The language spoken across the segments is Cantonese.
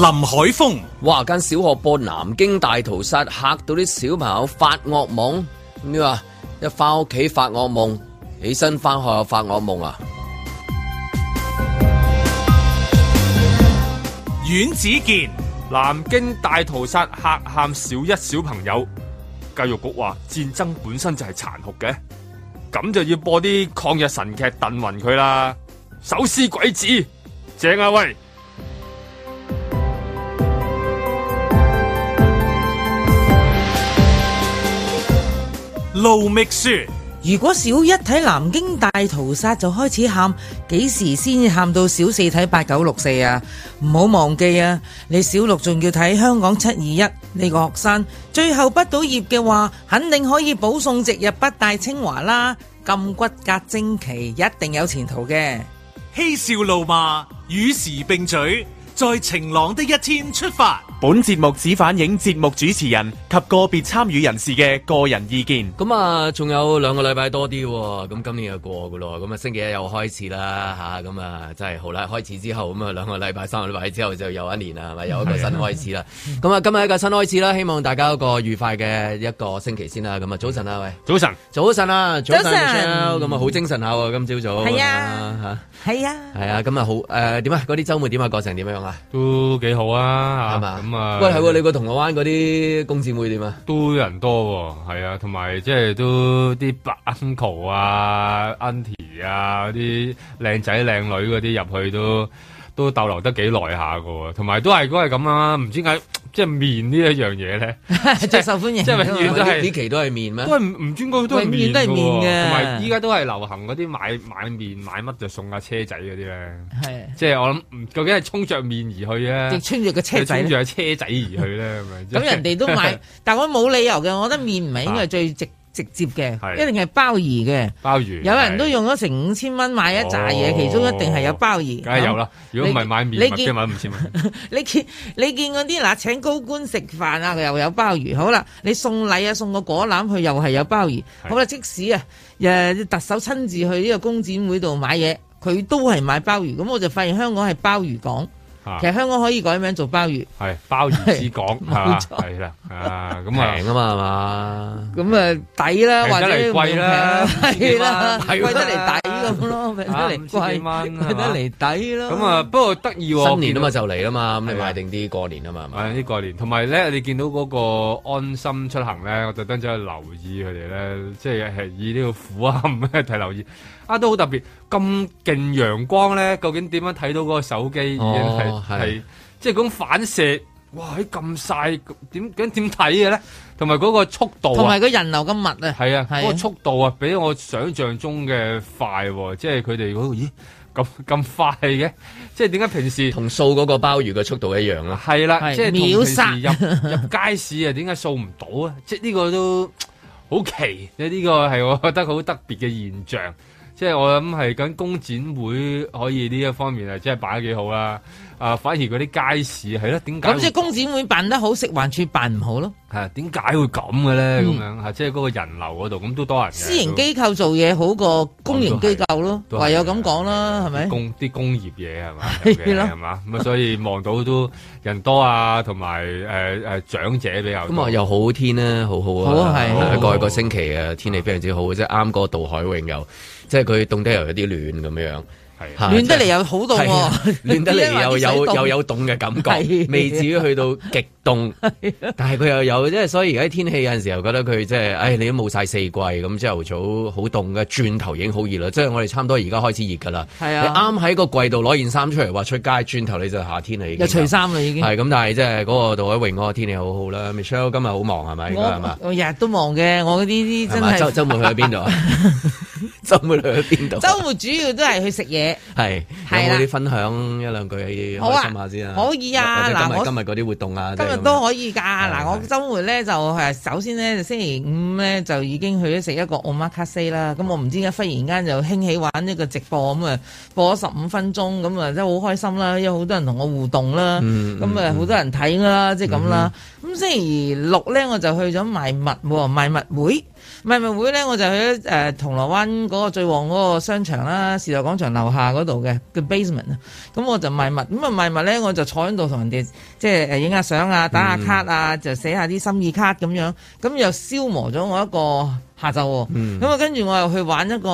林海峰，哇！間小學播南京大屠殺，嚇到啲小朋友發噩夢。你話一翻屋企發噩夢，起身翻學又發噩夢啊！阮子健，南京大屠殺嚇喊小一小朋友，教育局話戰爭本身就係殘酷嘅，咁就要播啲抗日神劇燉暈佢啦，手撕鬼子，正啊喂。盧覓雪，如果小一睇南京大屠殺就開始喊，幾時先喊到小四睇八九六四啊？唔好忘記啊！你小六仲要睇香港七二一呢個學生，最後畢到業嘅話，肯定可以保送直入北大清華啦！咁骨格精奇，一定有前途嘅。嬉笑怒罵，與時並舉。在晴朗的一天出發。本節目只反映節目主持人及個別參與人士嘅個人意見。咁啊，仲有兩個禮拜多啲，咁今年又過噶咯。咁啊，星期一又開始啦，吓，咁啊，真係好啦。開始之後，咁啊，兩個禮拜、三個禮拜之後就又一年啦，咪又一個新開始啦。咁啊，今日一個新開始啦，希望大家一個愉快嘅一個星期先啦。咁啊，早晨啊，喂，早晨，早晨啊，早晨，咁啊，好精神下啊，今朝早，係啊，吓，係啊，係啊，咁啊好誒，點啊？嗰啲周末點啊？過程點樣樣啊？都幾好啊，係嘛吧？咁啊，喂，係喎，你個銅鑼灣嗰啲工展會點啊？都人多喎，哦，係啊，同埋即係都啲 uncle 啊、auntie 啊嗰啲靚仔靚女嗰啲入去都都逗留得幾耐下噶，同埋都係都係咁啊，唔知解。即係麵呢一樣嘢咧， 最受歡迎即係是都。即係永遠都係，每期都係麵咩？都係唔唔專哥都係麵嘅。同埋依家都係流行嗰啲買買麵買乜就送架、啊、車仔嗰啲咧。係的。即係我諗，究竟係衝着麵而去啊？直衝著個車仔？衝著架車仔而去咧咁樣。咁 人哋都買， 但我冇理由嘅。我覺得麵唔係應該係最值。直接嘅，是一定係鮑魚嘅，鮑魚，有人都用咗成五千蚊買一紮嘢，哦、其中一定係有鮑魚，梗係有啦。如果唔係買麵，即你買五千蚊。 你見你見嗰啲嗱，請高官食飯啊，佢又有鮑魚。好啦，你送禮啊，送個果籃佢又係有鮑魚。好啦，是即使啊，誒，特首親自去呢個工展會度買嘢，佢都係買鮑魚。咁我就發現香港係鮑魚港。其實香港可以改名做鮑魚，係鮑魚之港。係啦，咁啊平啊嘛，係嘛，咁啊抵啦，貴得嚟貴啦，係啦，貴得嚟抵咁咯，貴得嚟貴，貴得嚟抵咯。咁啊，不過得意喎，新年啊嘛就嚟啊嘛，咁你買定啲過年啊嘛。買定啲過年，同埋咧，你見到嗰個安心出行咧，我特登走去留意佢哋咧，即係係以呢個苦口唔係睇留意。啊，都好特別，咁勁陽光咧，究竟點樣睇到嗰個手機？哦，係係，即係嗰種反射，哇！喺咁曬，點究竟點睇嘅咧？同埋嗰個速度啊，同埋個人流咁密啊，係啊，嗰個速度啊，比我想象中嘅快喎！即係佢哋嗰個咦咁咁快嘅，即係點解平時同掃嗰個鮑魚嘅速度一樣啦？係啦，即係秒殺入入街市啊！點解掃唔到啊？即係呢個都好奇，呢個係我覺得好特別嘅現象。即係我諗係緊，工展會可以呢一方面係即係辦得幾好啦。啊，反而嗰啲街市係咯，點解咁即係工展會辦得好，食環署辦唔好咯？係啊，點解會咁嘅咧？咁樣即係嗰個人流嗰度，咁都多人。私營機構做嘢好過公營機構咯，唯有咁講啦，係咪？工啲工業嘢係嘛，係嘛咁啊，所以望到都人多啊，同埋誒誒長者比較多咁啊，又好天咧，好好啊，係蓋個星期嘅天氣非常之好，即係啱嗰個渡海泳又。即係佢凍得又有啲暖咁樣，係暖得嚟有好凍喎，暖得嚟又有又有凍嘅感覺，未至於去到極凍。但係佢又有，即係所以而家天氣有陣時候覺得佢即係，唉，你都冇晒四季咁。朝頭早好凍嘅，轉頭已經好熱啦。即係我哋差唔多而家開始熱噶啦。係啊，你啱喺個季度攞件衫出嚟話出街，轉頭你就夏天啦。一除衫啦已經。係咁，但係即係嗰個杜海泳嗰個天氣好好啦。Michelle 今日好忙係咪？我日日都忙嘅，我嗰啲啲真係。週週末去咗邊度啊？周末去邊度？周末主要都係去食嘢。係，有冇啲分享一兩句，開心下先啊？可以啊。嗱，今日嗰啲活動啊，今日都可以噶。嗱，我周末咧就係，首先咧星期五咧就已經去咗食一個奧馬卡西啦。咁我唔知點解忽然間就興起玩呢個直播咁啊，播咗十五分鐘，咁啊真係好開心啦，因為好多人同我互動啦，咁啊好多人睇啦，即係咁啦。咁星期六咧我就去咗賣物，賣物會。賣物會咧，我就去咗誒、呃、銅鑼灣嗰個最旺嗰個商場啦、啊，時代廣場樓下嗰度嘅叫 basement 啊，咁、嗯、我就賣物，咁、嗯、啊賣物咧，我就坐喺度同人哋即係誒影下相啊，打下、啊、卡啊，就寫下啲心意卡咁樣，咁、嗯嗯、又消磨咗我一個下晝喎、啊，咁啊跟住我又去玩一個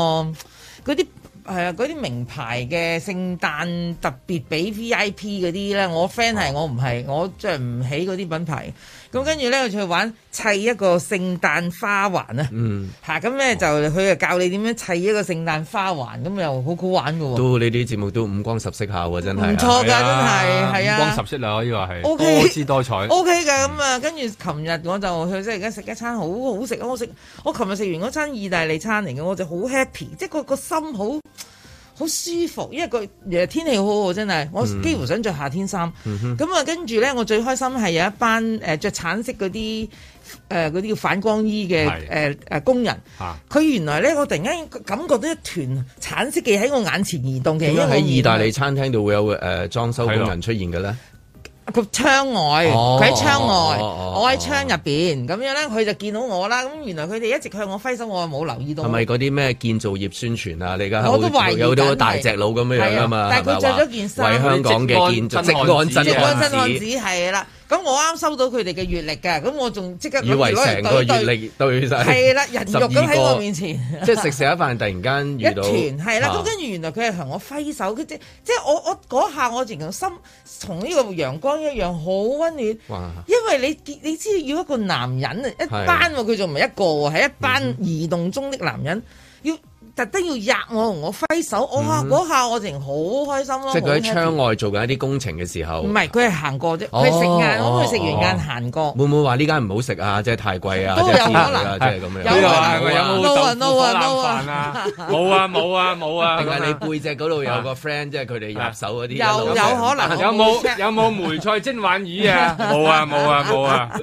嗰啲係啊嗰啲名牌嘅聖誕特別俾 VIP 嗰啲咧，我 friend 係我唔係，我著唔起嗰啲品牌。咁、嗯、跟住咧，我就去玩砌一個聖誕花環、嗯、啊！吓，咁咧就佢就教你點樣砌一個聖誕花環，咁又好好玩嘅喎、啊！都你啲節目都五光十色下喎、啊，真係唔錯㗎，真係係啊，啊啊五光十色啊，依、這個係 Okay, 多姿多彩，OK 㗎咁啊！嗯嗯、跟住琴日我就去即係而家食一餐好好食啊！我食我琴日食完嗰餐意大利餐嚟嘅，我就好 happy，即係個個心好。好舒服，因為佢誒天氣好好，真係我幾乎想着夏天衫。咁啊、嗯哼，跟住咧，我最開心係有一班誒著、呃、橙色嗰啲誒啲叫反光衣嘅誒誒工人。佢的原來咧，我突然間感覺到一團橙色嘅喺我眼前移動嘅。咁喺意大利餐廳度會有誒裝、呃、修工人出現嘅咧。佢窗外，佢喺窗外，哦、我喺窗入邊，咁、哦、樣咧，佢就見到我啦。咁原來佢哋一直向我揮手，我冇留意到。係咪嗰啲咩建造業宣傳啊？你而家我都懷疑有啲大隻佬咁樣樣噶嘛？啊啊、但係佢着咗件衫，為香港嘅建造，真漢子。真漢子係啦。咁我啱收到佢哋嘅月曆嘅，咁我仲即刻對對以為成個月曆對曬，係啦對人肉咁喺我面前。即係食食一飯，突然間遇到一團，係啦。咁、啊、跟住原來佢係向我揮手，佢即即我我嗰下我自然心同呢個陽光一樣好温暖。哇 因為你你知要一個男人啊，一班佢仲唔係一個，係一班移動中的男人、嗯、哼 要。特登要吔我，同我揮手，我下嗰下我情好開心咯。即係佢喺窗外做緊一啲工程嘅時候。唔係，佢係行過啫，佢食晏，食完晏行過。會唔會話呢間唔好食啊？即係太貴啊？都有可能，即係咁樣。有啊，有冇豆腐火腩飯啊？冇啊，冇啊，冇啊！定係你背脊嗰度有個 friend，即係佢哋入手嗰啲。有有可能。有冇有冇梅菜蒸鯇魚啊？冇啊冇啊冇啊！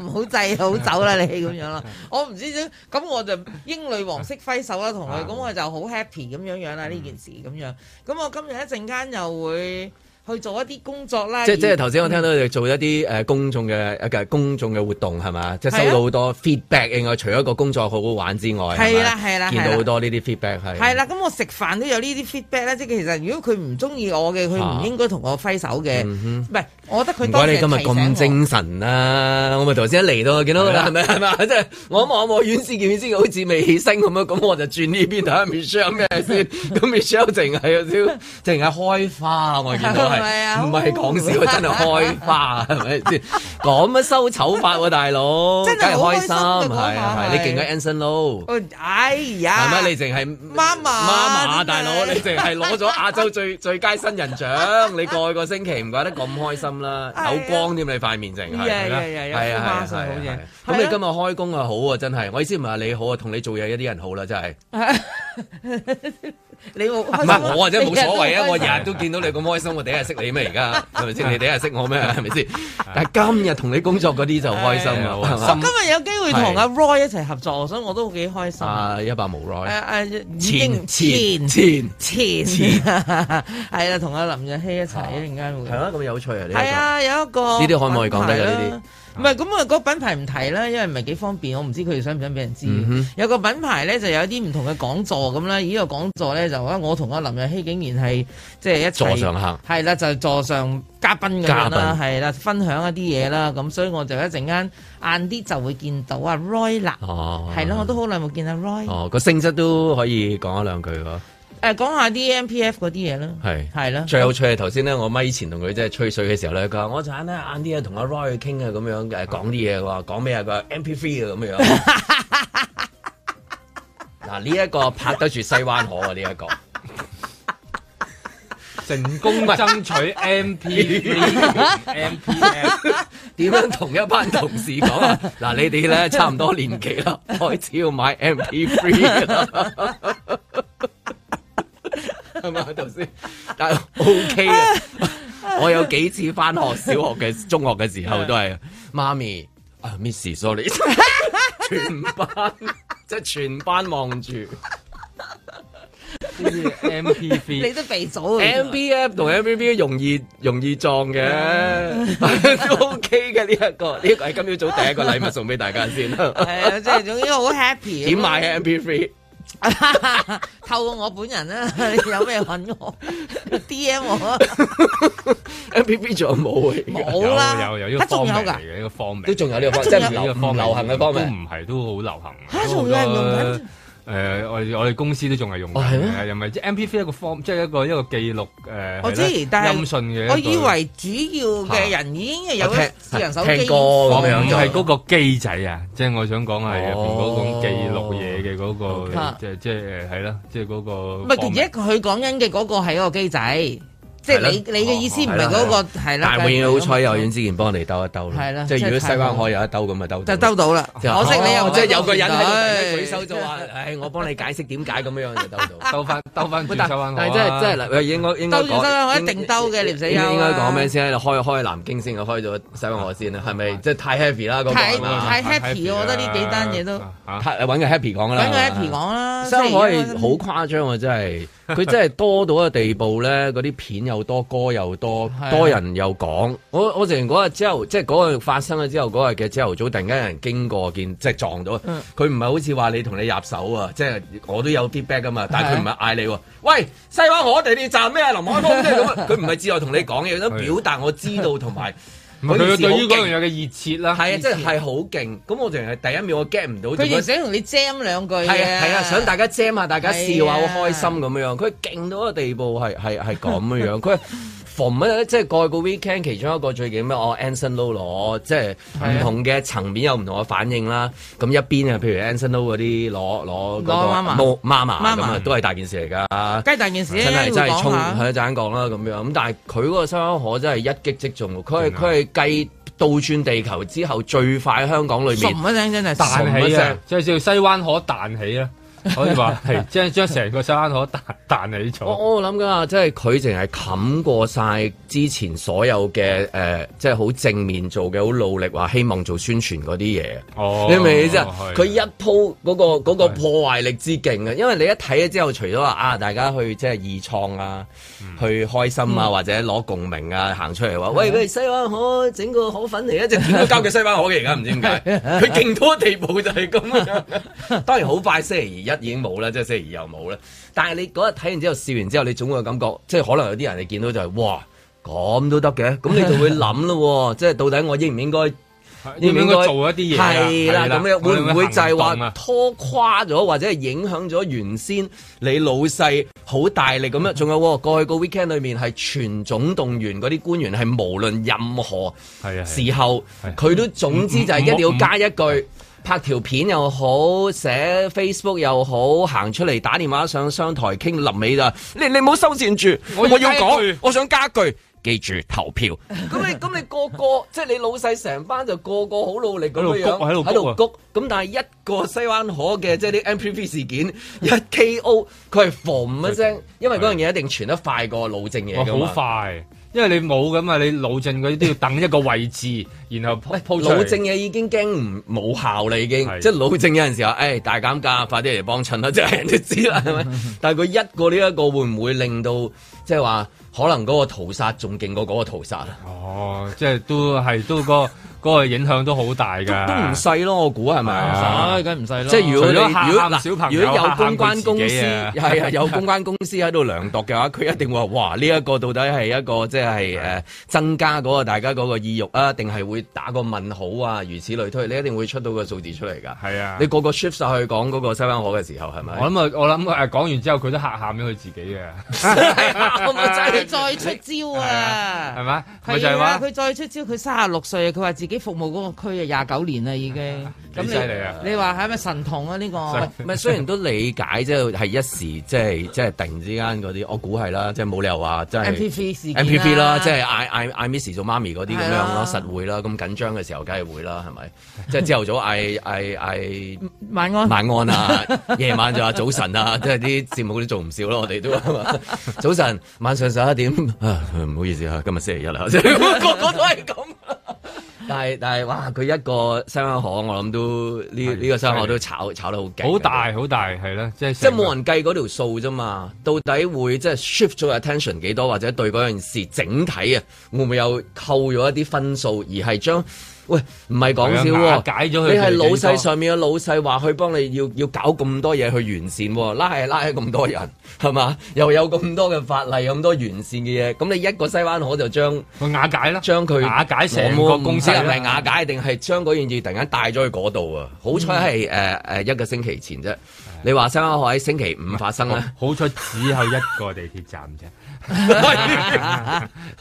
唔好制，好 走啦、啊、你咁樣啦，我唔知咁我就英女皇式揮手啦，同佢咁我就好 happy 咁樣樣啦，呢件事咁樣。咁、嗯、我今日一陣間又會去做一啲工作啦。即即係頭先我聽到你做一啲誒公眾嘅一個公眾嘅活動係嘛？即係收到好多 feedback。應該除咗個工作好好玩之外，係啦係啦，的的見到好多呢啲 feedback 係。係啦，咁我食飯都有呢啲 feedback 咧。即係其實如果佢唔中意我嘅，佢唔應該同我揮手嘅，唔係、嗯。我覺得佢唔該，你今日咁精神啊！我咪頭先一嚟到，見到係咪係嘛？即係我望我望遠視鏡，遠視鏡好似未起聲咁樣，咁我就轉呢邊睇下 Michelle 咩先？咁 Michelle 淨係，淨係開花，我見到係，唔係講笑，真係開花，係咪？講乜收醜法喎，大佬！真係開心。係係你勁過 Anson Lo。哎呀！係咪你淨係？媽媽，媽媽，大佬，你淨係攞咗亞洲最最佳新人獎，你過個星期唔怪得咁開心。啦，有光添你塊面成，係啦，係啊，係、嗯、啊，係啊，咁、啊啊啊、你今日開工啊好啊，真係，我意思唔係話你好啊，同你做嘢一啲人好啦，真係。 你唔咪我啊，真冇所謂啊！我日日都見到你咁開心，我第一日識你咩？而家係咪先？你第一日識我咩？係咪先？但係今日同你工作嗰啲就開心啦。今日有機會同阿 Roy 一齊合作，所以我都幾開心。啊，一百無 Roy。前前前前。係啦，同阿林若曦一齊，突然間會。係啊，咁有趣啊！呢啲。係啊，有一個。呢啲可唔可以講得嘅呢啲？唔係咁啊，個品牌唔提啦，因為唔係幾方便，我唔知佢哋想唔想俾人知。嗯、哼有個品牌咧，就有啲唔同嘅講座咁啦。呢個講座咧，就我我同阿林若曦竟然係即係一齊。座上客。係啦，就係座上嘉賓咁樣啦，係啦賓，分享一啲嘢啦。咁所以我就一陣間晏啲就會見到阿 Roy 啦。哦。係咯，我都好耐冇見阿 Roy。哦，個性質都可以講一兩句嘅。誒，講、呃、下啲 MPF 嗰啲嘢啦，係係啦，的最有趣係頭先咧，我咪以前同佢即係吹水嘅時候咧，佢話我就咧晏啲啊，同阿 Roy 傾啊，咁樣誒，講啲嘢，佢話講咩啊？佢話 MP3 啊，咁樣，嗱呢一個拍得住西灣河啊，呢、這、一個 成功爭取 MP，MP，f 是 MP 點 樣同一班同事講啊？嗱、啊，你哋咧差唔多年紀啦，我開始要買 MP3 啦。 係嘛，頭先，但係 OK 啊！我有幾次翻學，小學嘅、中學嘅時候都係媽咪啊，Missy，sorry，全班即係全班望住啲 MPV，你都備早，MPF 同 MPV 容易容易撞嘅，都 OK 嘅，呢一個呢個係今朝早第一個禮物送俾大家先。係啊，即係總之好 happy，點買 MPV？ 透過我本人啦你，有咩搵我 D M 我，A 啊 P P 仲有冇冇啦，有有有方名嘅一個方面，都仲有呢個即係流行嘅方面，唔係都好流行仲有人用緊。誒、呃，我我哋公司都仲係用嘅，又唔即係 M P three 一個方，即係一個一個記錄誒，呃、我知音訊嘅。我以為主要嘅人已經有個、啊、聽人手機咁樣就係嗰個機仔啊！即係我想講係同嗰個記錄嘢嘅嗰個，即係即係係啦，即係嗰個。唔係，而家佢講緊嘅嗰個係一個機仔。即係你你嘅意思唔係嗰個係啦，大永好彩有院之前幫我嚟兜一兜啦。係啦，即係如果西灣河有一兜咁啊，兜，就兜到啦。可惜你又即係有個人喺度舉手就話，唉，我幫你解釋點解咁樣就兜到，兜兜翻住翻我。即係即係嗱，應該應該兜住收翻我一定兜嘅，你唔使人。應該講咩先咧？你開開南京先，開咗西灣河先啦，係咪？即係太 happy 啦嗰太 happy，我覺得呢幾單嘢都揾個 happy 講啦。揾個 happy 講啦。西灣河係好誇張啊！真係，佢真係多到一個地步咧，嗰啲片。又多歌又多，多人又講。我我成日日之後，即係嗰日發生咗之後嗰日嘅朝頭早，突然間有人經過見，即係撞到。佢唔係好似話你同你入手啊，即係我都有啲 feedback 噶嘛。但係佢唔係嗌你，啊、喂，西灣河地鐵站咩啊？林海峰，即係咁。佢唔係志在同你講嘢，都表達我知道同埋。 佢不對於嗰樣嘢嘅熱切啦，係啊，切真係係好勁。咁我淨係第一秒我 get 唔到。佢想同你 jam 兩句，係啊，係啊，啊，想大家 jam 下，大家笑下，啊，好開心咁樣。佢勁到一個地步，係係係咁樣。佢。 唔乜咧，即係過去個 weekend，其中一個最勁咩？我、oh, Anson Lo 攞，即係唔同嘅層面有唔同嘅反應啦。咁是、啊、一邊啊，譬如 Anson Lo 嗰啲攞攞嗰、那個媽媽媽都係大件事嚟噶。梗係大件事，真係真係衝，一陣講啦咁樣。咁但係佢嗰個西灣河真係一擊即中喎。佢係佢係繼倒轉地球之後最快香港裏面。十五蚊真係彈起啊！就叫西灣河彈起啦。可以話係，即係將成個西灣河彈彈起咗。我我諗緊啊，即係佢淨係冚過晒之前所有嘅誒，即係好正面做嘅，好努力話希望做宣傳嗰啲嘢。哦，你明唔明意思？佢一鋪嗰個嗰個破壞力之勁啊！因為你一睇咗之後，除咗話啊，大家去即係二創啊，嗯嗯嗯，去開心啊，或者攞共鳴啊，行出嚟，話喂喂，西灣河整個河粉嚟啊，就點都交佢西灣河嘅。而家，唔知點解，佢勁多地步就係咁樣。當然好快，星期二。一已經冇啦，即係星期二又冇啦。但係你嗰日睇完之後，笑完之後，你總會有感覺，即係可能有啲人你見到就係、是、哇，咁都得嘅。咁你就會諗咯、喔， 即係到底我應唔應該，應唔應， 應該做一啲嘢了？係啦了，咁樣會唔會，會，會就係話拖垮咗，或者係影響咗原先你老細好大力咁啊？仲 有、喔、過去個 weekend 裏面係全總動員嗰啲官員，係無論任何時候，佢都 總之就係一定要加一句。 拍條片又好，寫 Facebook 又好，行出嚟打電話上商台傾，臨尾就、你你唔好收線住，我要講，是我想加句，記住投票。咁 你咁你個個即係、即係、你老細成班就個個好努力喺度喺度喺度谷。咁但係一個西灣河嘅即係啲 M P V 事件一 K O，佢係防一聲，KO, 是因為嗰樣嘢一定傳得快過路政嘢㗎嘛，好快。 因為你冇咁啊，你老正嗰啲都要等一個位置， 然後鋪、哎、老正嘢，已經驚唔冇效啦，已經是即係老正有陣時候，誒、哎、大減價，快啲嚟幫襯啦，即係人都知啦，係咪？但係佢一個呢一個會唔會令到即係話可能嗰個屠殺仲勁過嗰個屠殺啊？哦，即係都係都、那個。 嗰個影響都好大㗎，都唔細咯，我估係咪？唉，梗係唔細咯。即係如果如果嗱，小朋友，如果有公關公司係啊，有公關公司喺度量度嘅話，佢一定話：哇，呢一個到底係一個即係誒增加嗰個大家嗰個意欲啊，定係會打個問號啊？如此類推，你一定會出到個數字出嚟㗎。係啊，你個個 shift 上去講嗰個西灣河嘅時候係咪？我諗我諗誒講完之後，佢都嚇喊咗佢自己嘅，佢再出招啊？係咪啊？佢再話佢再出招，佢三十六歲啊！佢話自己服務嗰個區啊，廿九年啦已經，咁犀利啊，你你話係咪神童啊？呢個咪雖然都理解啫，係一時即係即係突然之間嗰啲，我估係啦，即係冇理由話即係 MPV 事件啦、啊，即係嗌嗌 Miss you，做媽咪嗰啲咁樣咯，是啊、實會啦，咁緊張嘅時候梗係會啦，係咪？ 即係朝頭早嗌嗌嗌晚安晚安啊，夜晚就話、啊、早晨啊，即係啲節目都做唔少咯， 我哋都早晨晚上十一點唔好意思嚇，今日星期一啊，個個都係咁。 但係但係，哇！佢一個商行，我諗都呢呢是個商行都炒的炒得好勁。好大好大，係咯，就是、即係即係冇人計嗰條數啫嘛。到底會即係 shift 咗 attention 幾多，或者對嗰件事整體啊，會唔會有扣咗一啲分數，而係將？喂，唔係講笑喎，解咗佢。你係老細上面嘅老細話佢幫你要要搞咁多嘢去完善，拉係拉咁多人係嘛？ 又有咁多嘅法例，咁多完善嘅嘢，咁你一個西灣河就將， 將瓦解啦，將佢它瓦解成個公司係咪瓦解定係將嗰件事突然間帶咗去嗰度啊？嗯、好彩係誒誒一個星期前啫，的你話西灣河喺星期五發生咧， 好彩只有一個地鐵站啫。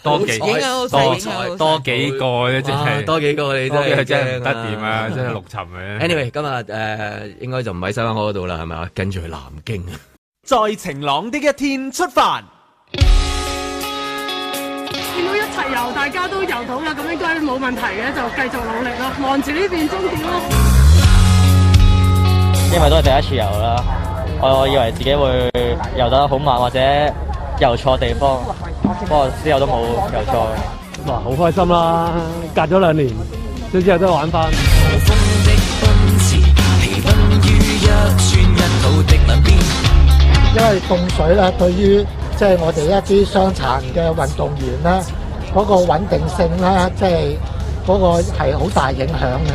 多幾多才多幾個咧，真係多幾個你真係真係得掂啊！真係六尋嘅。Anyway，今日誒應該就唔喺西灣河嗰度啦，係咪啊？跟住去南京。在晴朗的一天出發，見到一齊游，大家都游到啦，咁應該冇問題嘅，就繼續努力啦，望住呢邊終點咯。因為都係第一次游啦，我我以為自己會游得好慢或者。游錯地方，不過之後都冇遊錯。哇、啊，好開心啦、啊！隔咗兩年，之 後都玩翻。因為凍水咧，對於即係、就是、我哋一啲傷殘嘅運動員咧，嗰、那個穩定性咧，即係嗰個係好大影響嘅。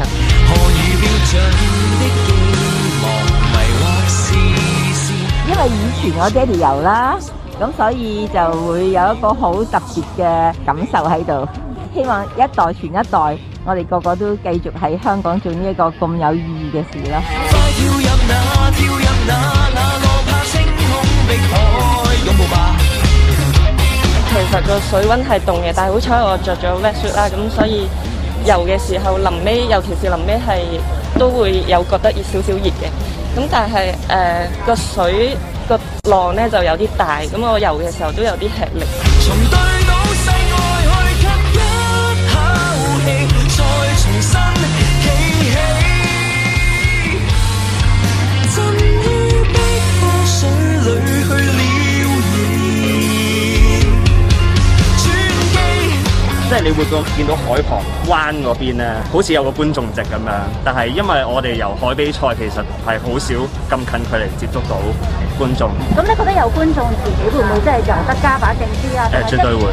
因為以前我爹哋遊啦。咁所以就會有一個好特別嘅感受喺度，希望一代傳一代，我哋個個都繼續喺香港做呢一個咁有意義嘅事啦。其實個水溫係凍嘅，但係好彩我着咗 wetsuit 啦，咁所以游嘅時候臨尾，尤其是臨尾係都會有覺得熱少少熱嘅，咁但係誒個水。個浪咧就有啲大，咁我游嘅時候都有啲吃力。 即係你會見到海旁灣嗰邊咧，好似有個觀眾席咁樣，但係因為我哋遊海比賽其實係好少咁近距離接觸到觀眾。咁你覺得有觀眾自己會唔會即係遊得加把勁啲啊？誒，絕對會。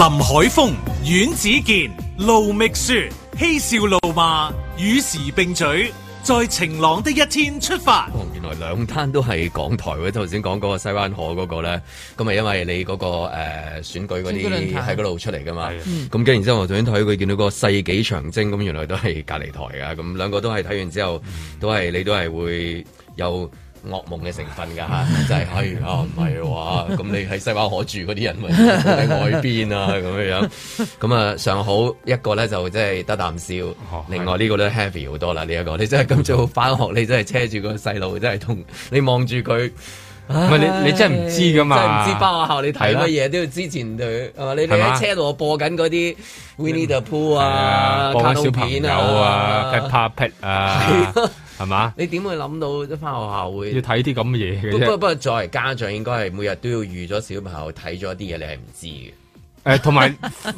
林海峰、阮子健、盧覓雪、嬉笑怒罵，與時並舉，在晴朗的一天出發。哦，原來兩單都係港台，我頭先講嗰個西灣河嗰個咧，咁啊，因為你嗰、那個誒、呃、選舉嗰啲喺嗰度出嚟噶嘛，咁跟的、嗯、然之後我頭先睇佢見到個世紀長征，咁原來都係隔籬台噶，咁兩個都係睇完之後，嗯、都係你都係會有。噩夢嘅成分噶吓，真係可以。啊唔係話咁你喺西灣河住嗰啲人喎，喺外邊啊咁樣樣，咁啊上好一個咧就真係得啖笑，另外呢個都 happy 好多啦。呢一個你真係今朝翻學，你真係車住個細路，真係同你望住佢，唔係你你真係唔知噶嘛，真係唔知。翻學校你睇乜嘢都要之前佢，你你喺車路播緊嗰啲 Winnie the Pooh 啊，播啲小朋友啊，Get p u p e 啊。係嘛？你點會諗到一翻學校會要睇啲咁嘅嘢嘅？不不不，作為家長應該係每日都要預咗小朋友睇咗啲嘢，你係唔知嘅。誒、呃，同埋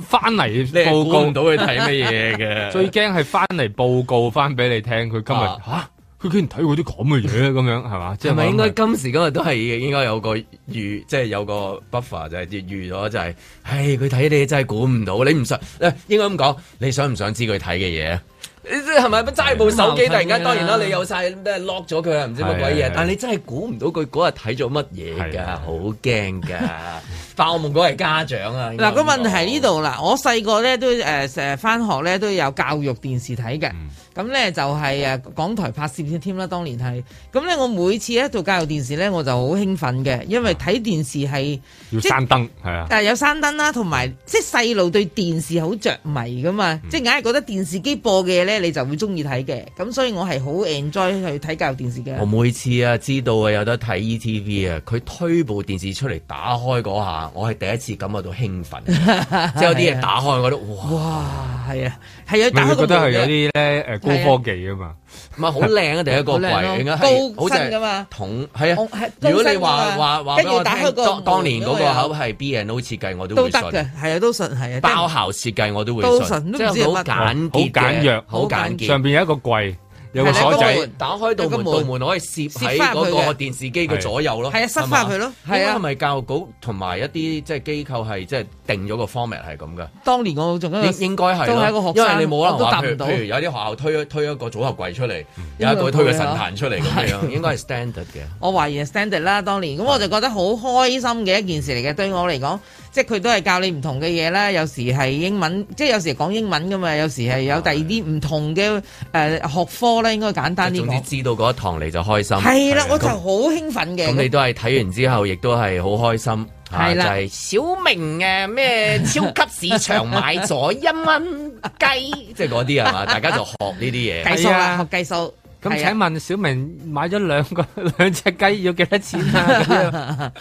翻嚟報告 到佢睇乜嘢嘅？ 最驚係翻嚟報告翻俾你聽，佢今日吓，佢、啊、竟然睇嗰啲咁嘅嘢咁樣，係嘛？係咪 應該今時今日都係應該有個預，即、就、係、是、有個 buffer，就係預咗就係、是，唉、哎，佢睇你真係估唔到，你唔想誒，應該咁講，你想唔想知佢睇嘅嘢？你即係咪？揸住部手機，突然間，當然啦，你有晒咩 lock 咗佢，唔知乜鬼嘢。是是是但你真係估唔到佢嗰日睇咗乜嘢噶，好驚噶。但係我唔講係家長啊。嗱， 個問題呢度啦，我細個咧都誒成日翻學咧都有教育電視睇嘅。嗯咁呢就係誒港台拍攝添啦，當年係。咁呢我每次咧做教育電視呢，我就好興奮嘅，因為睇電視係一即要山燈，但係有山燈啦、啊，同埋即係細路對電視好着迷噶嘛，嗯、即係硬係覺得電視機播嘅嘢呢，你就會中意睇嘅。咁所以我係好 enjoy 去睇教育電視嘅。我每次啊知道啊有得睇 ETV 啊，佢推部電視出嚟打開嗰下，我係第一次感覺到興奮，即係有啲嘢打開，我覺得哇係啊！ 係啊！打開覺得係有啲咧誒，高科技啊嘛，唔係好靚啊，第一個櫃應該係好正噶嘛，同係啊。如果你話話話俾我聽，當年嗰個口係 B and O 設計，我都會信。係啊，都信。係啊，包豪設計我都會信。即係好簡好簡約，好簡潔。上邊有一個櫃。有鎖仔，打開到個門，門可以攝攝翻佢嘅。喺個電視機嘅左右，係啊，塞翻佢咯。係啊，咪教育局同埋一啲即係機構係即係定咗個 format 係咁嘅。當年我仲記得，應該係咯，因為你冇可能話譬如有啲學校推一推一個組合櫃出嚟，有個推個神壇出嚟咁樣，應該係 standard 嘅。我懷疑 standard 啦，當年咁我就覺得好開心嘅一件事嚟嘅。對我嚟講，即係佢都係教你唔同嘅嘢啦。有時係英文，即係有時講英文嘅嘛。有時係有第二啲唔同嘅誒學科。我應該簡單啲，這個，總之知道嗰一堂嚟就開心。係啦的，對我就好興奮嘅。咁你都係睇完之後，亦都係好開心。係啦，小明誒、啊、咩超級市場買咗一蚊雞，即係嗰啲係嘛？ 大家就學呢啲嘢，計數啦，哎、呀學計數。咁請問小明買咗兩個兩隻雞要幾多錢啊？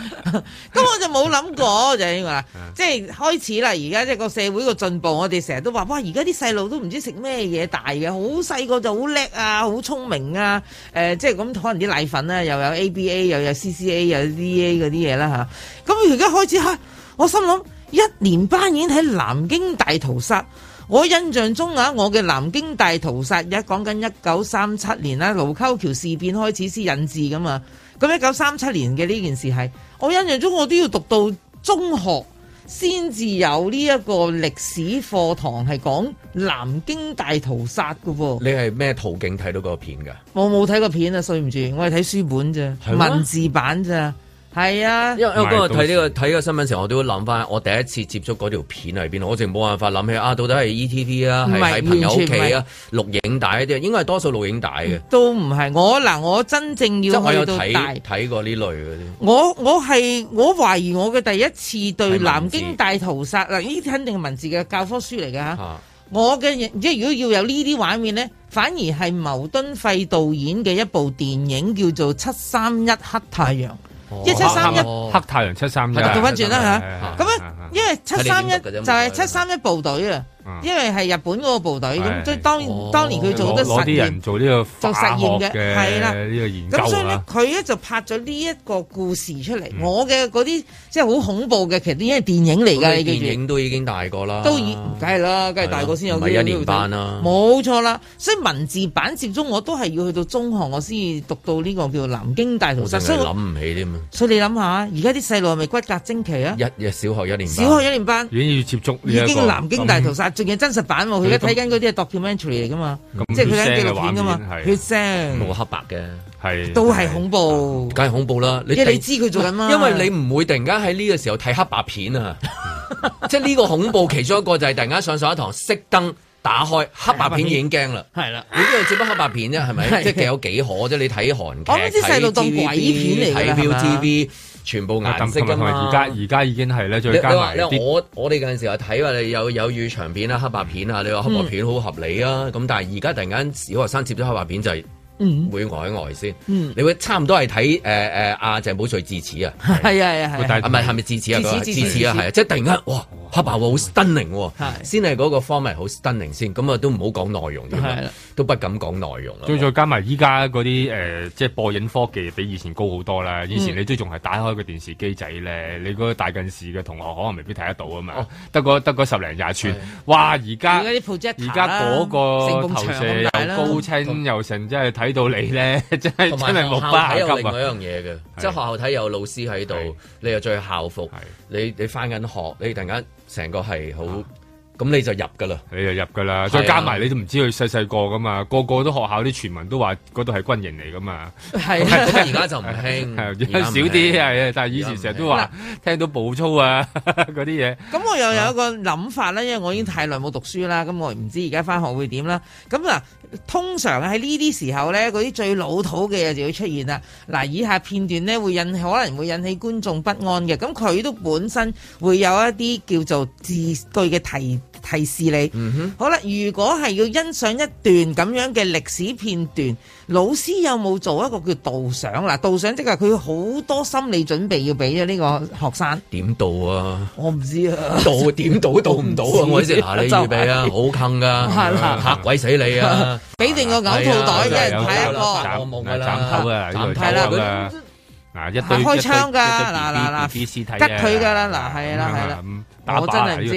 咁我就冇諗過就係話，即係開始啦！而家即係個社會個進步，我哋成日都話，哇！而家啲細路都唔知食咩嘢大嘅，好細個就好叻啊，好聰明啊！誒、呃，即係咁可能啲奶粉啊，又有 ABA 又有 CCA 又有 DA 嗰啲嘢啦嚇。咁而家開始嚇、啊，我心諗一年班已經喺南京大屠殺。我印象中啊，我嘅南京大屠殺，而家講緊一九三七年啦，盧溝橋事變開始先引致噶嘛。咁一九三七年嘅呢件事係，我印象中我都要讀到中學先至有呢一個歷史課堂係講南京大屠殺噶噃。你係咩途徑睇到嗰片噶？我冇睇過片啊，衰唔住，我係睇書本啫，文字版咋。係啊，因為因為嗰個睇呢個睇個新聞時候，我都諗翻我第一次接觸嗰條片係邊度，我淨冇辦法諗起啊，到底係 E.T.V. 啊，係咪是朋友屋企啊，錄影帶呢啲，應該係多數錄影帶嘅。都唔係我嗱，我真正要睇睇過呢類嗰啲。我我係我懷疑我嘅第一次對南京大屠殺嗱，呢啲肯定係文字嘅教科書嚟嘅吓。啊、我嘅即係如果要有呢啲畫面咧，反而係牟敦芾導演嘅一部電影叫做《七三一黑太陽》。一七三一，黑太陽七三一啊，調翻轉啦吓，咁、嗯嗯嗯、樣、啊、因為七三一就係七三一部隊啊。因為係日本嗰個部隊，咁所以當當年佢做得實驗，做實驗嘅係啦。呢個研究。咁所以咧，佢咧就拍咗呢一個故事出嚟。我嘅嗰啲即係好恐怖嘅，其實啲係電影嚟㗎。電影都已經大個啦，都已，梗係啦，梗係大個先有呢啲。一年班啦，冇錯啦。所以文字版接觸我都係要去到中學，我先至讀到呢個叫南京大屠殺。所以諗唔起添。所以你諗下，而家啲細路係咪骨骼精奇啊？一嘢小學一年，小學一年班已經要接觸呢一個南京大屠殺。仲要真實版喎，佢而家睇緊嗰啲 documentary 嚟噶嘛，即係佢睇紀錄片噶嘛，血腥，冇黑白嘅，係都係恐怖，梗係恐怖啦。你你知佢做緊咩？因為你唔會突然間喺呢個時候睇黑白片啊，即係呢個恐怖其中一個就係突然間上上一堂熄燈，打開黑白片已經驚啦，係啦，呢個只不過黑白片啫，係咪？即係有幾可啫？你睇韓劇、睇 TV、睇 ViuTV。全部顏色噶嘛，而家而家已經係咧，再加埋我我哋嗰陣時候睇話你有有粵語長片啊、黑白片啊，你話黑白片好合理啊。咁、嗯、但係而家突然間小學生接咗黑白片就係，會呆喺外先。嗯、你會差唔多係睇誒誒阿鄭寶翠字詞啊，係啊係啊係。但唔係係咪字詞啊？字詞啊係啊，即係突然間哇！黑白好 stunning，先係嗰個畫面好 stunning 先，咁啊都唔好講內容，都唔敢講內容。再再加埋依家嗰啲誒，即係播映科技比以前高好多啦。以前你都仲係打開個電視機仔咧，你個大近視嘅同學可能未必睇得到啊嘛，得個得十零廿寸。哇，而家而家嗰個投射又高清又成，真係睇到你咧，真係真係目不交。另一樣嘢嘅，即係學校睇有老師喺度，你又着校服，你你翻緊學，你突然間。成個係好，咁你就入噶啦，你就入噶啦，再加埋你都唔知佢細細個噶嘛，個個都學校啲傳聞都話嗰度係軍營嚟噶嘛，係呀，咁而家就唔興，少啲係，但係以前成日都話聽到步操啊嗰啲嘢。咁 我又有一個諗法啦，因為我已經太耐冇讀書啦，咁我唔知而家返學會點啦，咁、嗯、啊。通常喺呢啲時候咧，啲最老土嘅嘢就會出現啦。嗱，以下片段咧會引，可能會引起觀眾不安嘅，咁佢都本身會有一啲叫做字句嘅提。提示你，好啦。如果係要欣賞一段咁樣嘅歷史片段，老師有冇做一個叫導賞啦？導賞即係佢好多心理準備要俾咗呢個學生。點導啊？我唔知啊。導點導導唔到啊！我意思，嗱，你要俾啊，好坑噶，嚇鬼死你啊！俾定個嘔吐袋嘅，睇一個，我冇噶啦，斬到噶，斬太好啦。嗱，一開槍噶，嗱嗱嗱，屍體嘅，佢噶啦，嗱，係啦，係啦。打我真係唔知，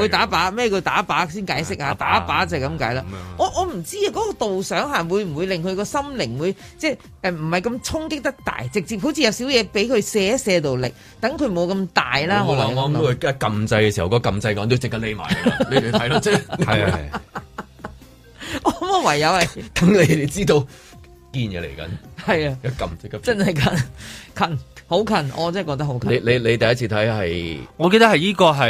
會打靶咩？叫打靶先解釋下，打靶把 就係咁解啦。我我唔知啊，嗰個導賞係會唔會令佢個心靈會即係誒唔係咁衝擊得大，直接好似有少嘢俾佢射一射到力，等佢冇咁大啦。我諗我諗佢撳掣嘅時候，個撳掣杆都即刻匿埋你哋睇咯，即係係啊係。我唯有係等你哋知道堅嘅嘢嚟緊一。 係啊，撳即真係近，近。好近，我真係覺得好近。你你你第一次睇係，我記得係呢個係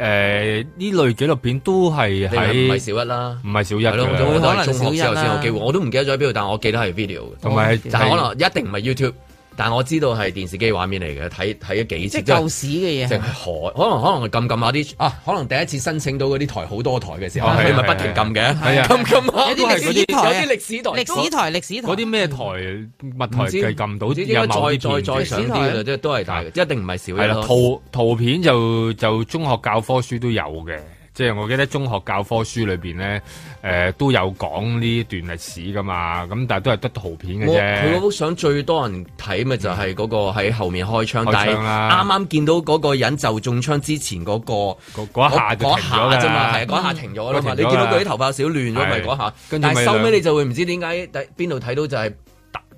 誒呢類紀錄片都係喺唔係小一啦，唔係小一咯，仲要係中學之後先有機會。我都唔記得咗喺邊度，但我記得係 video。同埋，就係可能一定唔係 YouTube。但我知道係電視機畫面嚟嘅，睇睇咗幾次。即係舊時嘅嘢，即係可能，可能係撳撳下啲啊，可能第一次申請到嗰啲台好多台嘅時候，你咪不停撳嘅，撳撳下。有啲歷史台，歷史台，歷史台，嗰啲咩台物台計撳到啲啲，再再再上啲即都係大嘅，一定唔係少，嘢啦，圖圖片就就中學教科書都有嘅。即係我記得中學教科書裏邊咧，誒、呃、都有講呢段歷史噶嘛，咁但係都係得圖片嘅啫。佢嗰幅相最多人睇咪就係嗰個喺後面開槍，開槍但係啱啱見到嗰個人就中槍之前嗰，嗰個嗰下嗰下啫，嗯、嘛，係嗰下停咗啦你。你見到佢啲頭髮少亂咗，咪嗰下。跟住，但係收尾你就會唔知點解睇邊度睇到就係、是。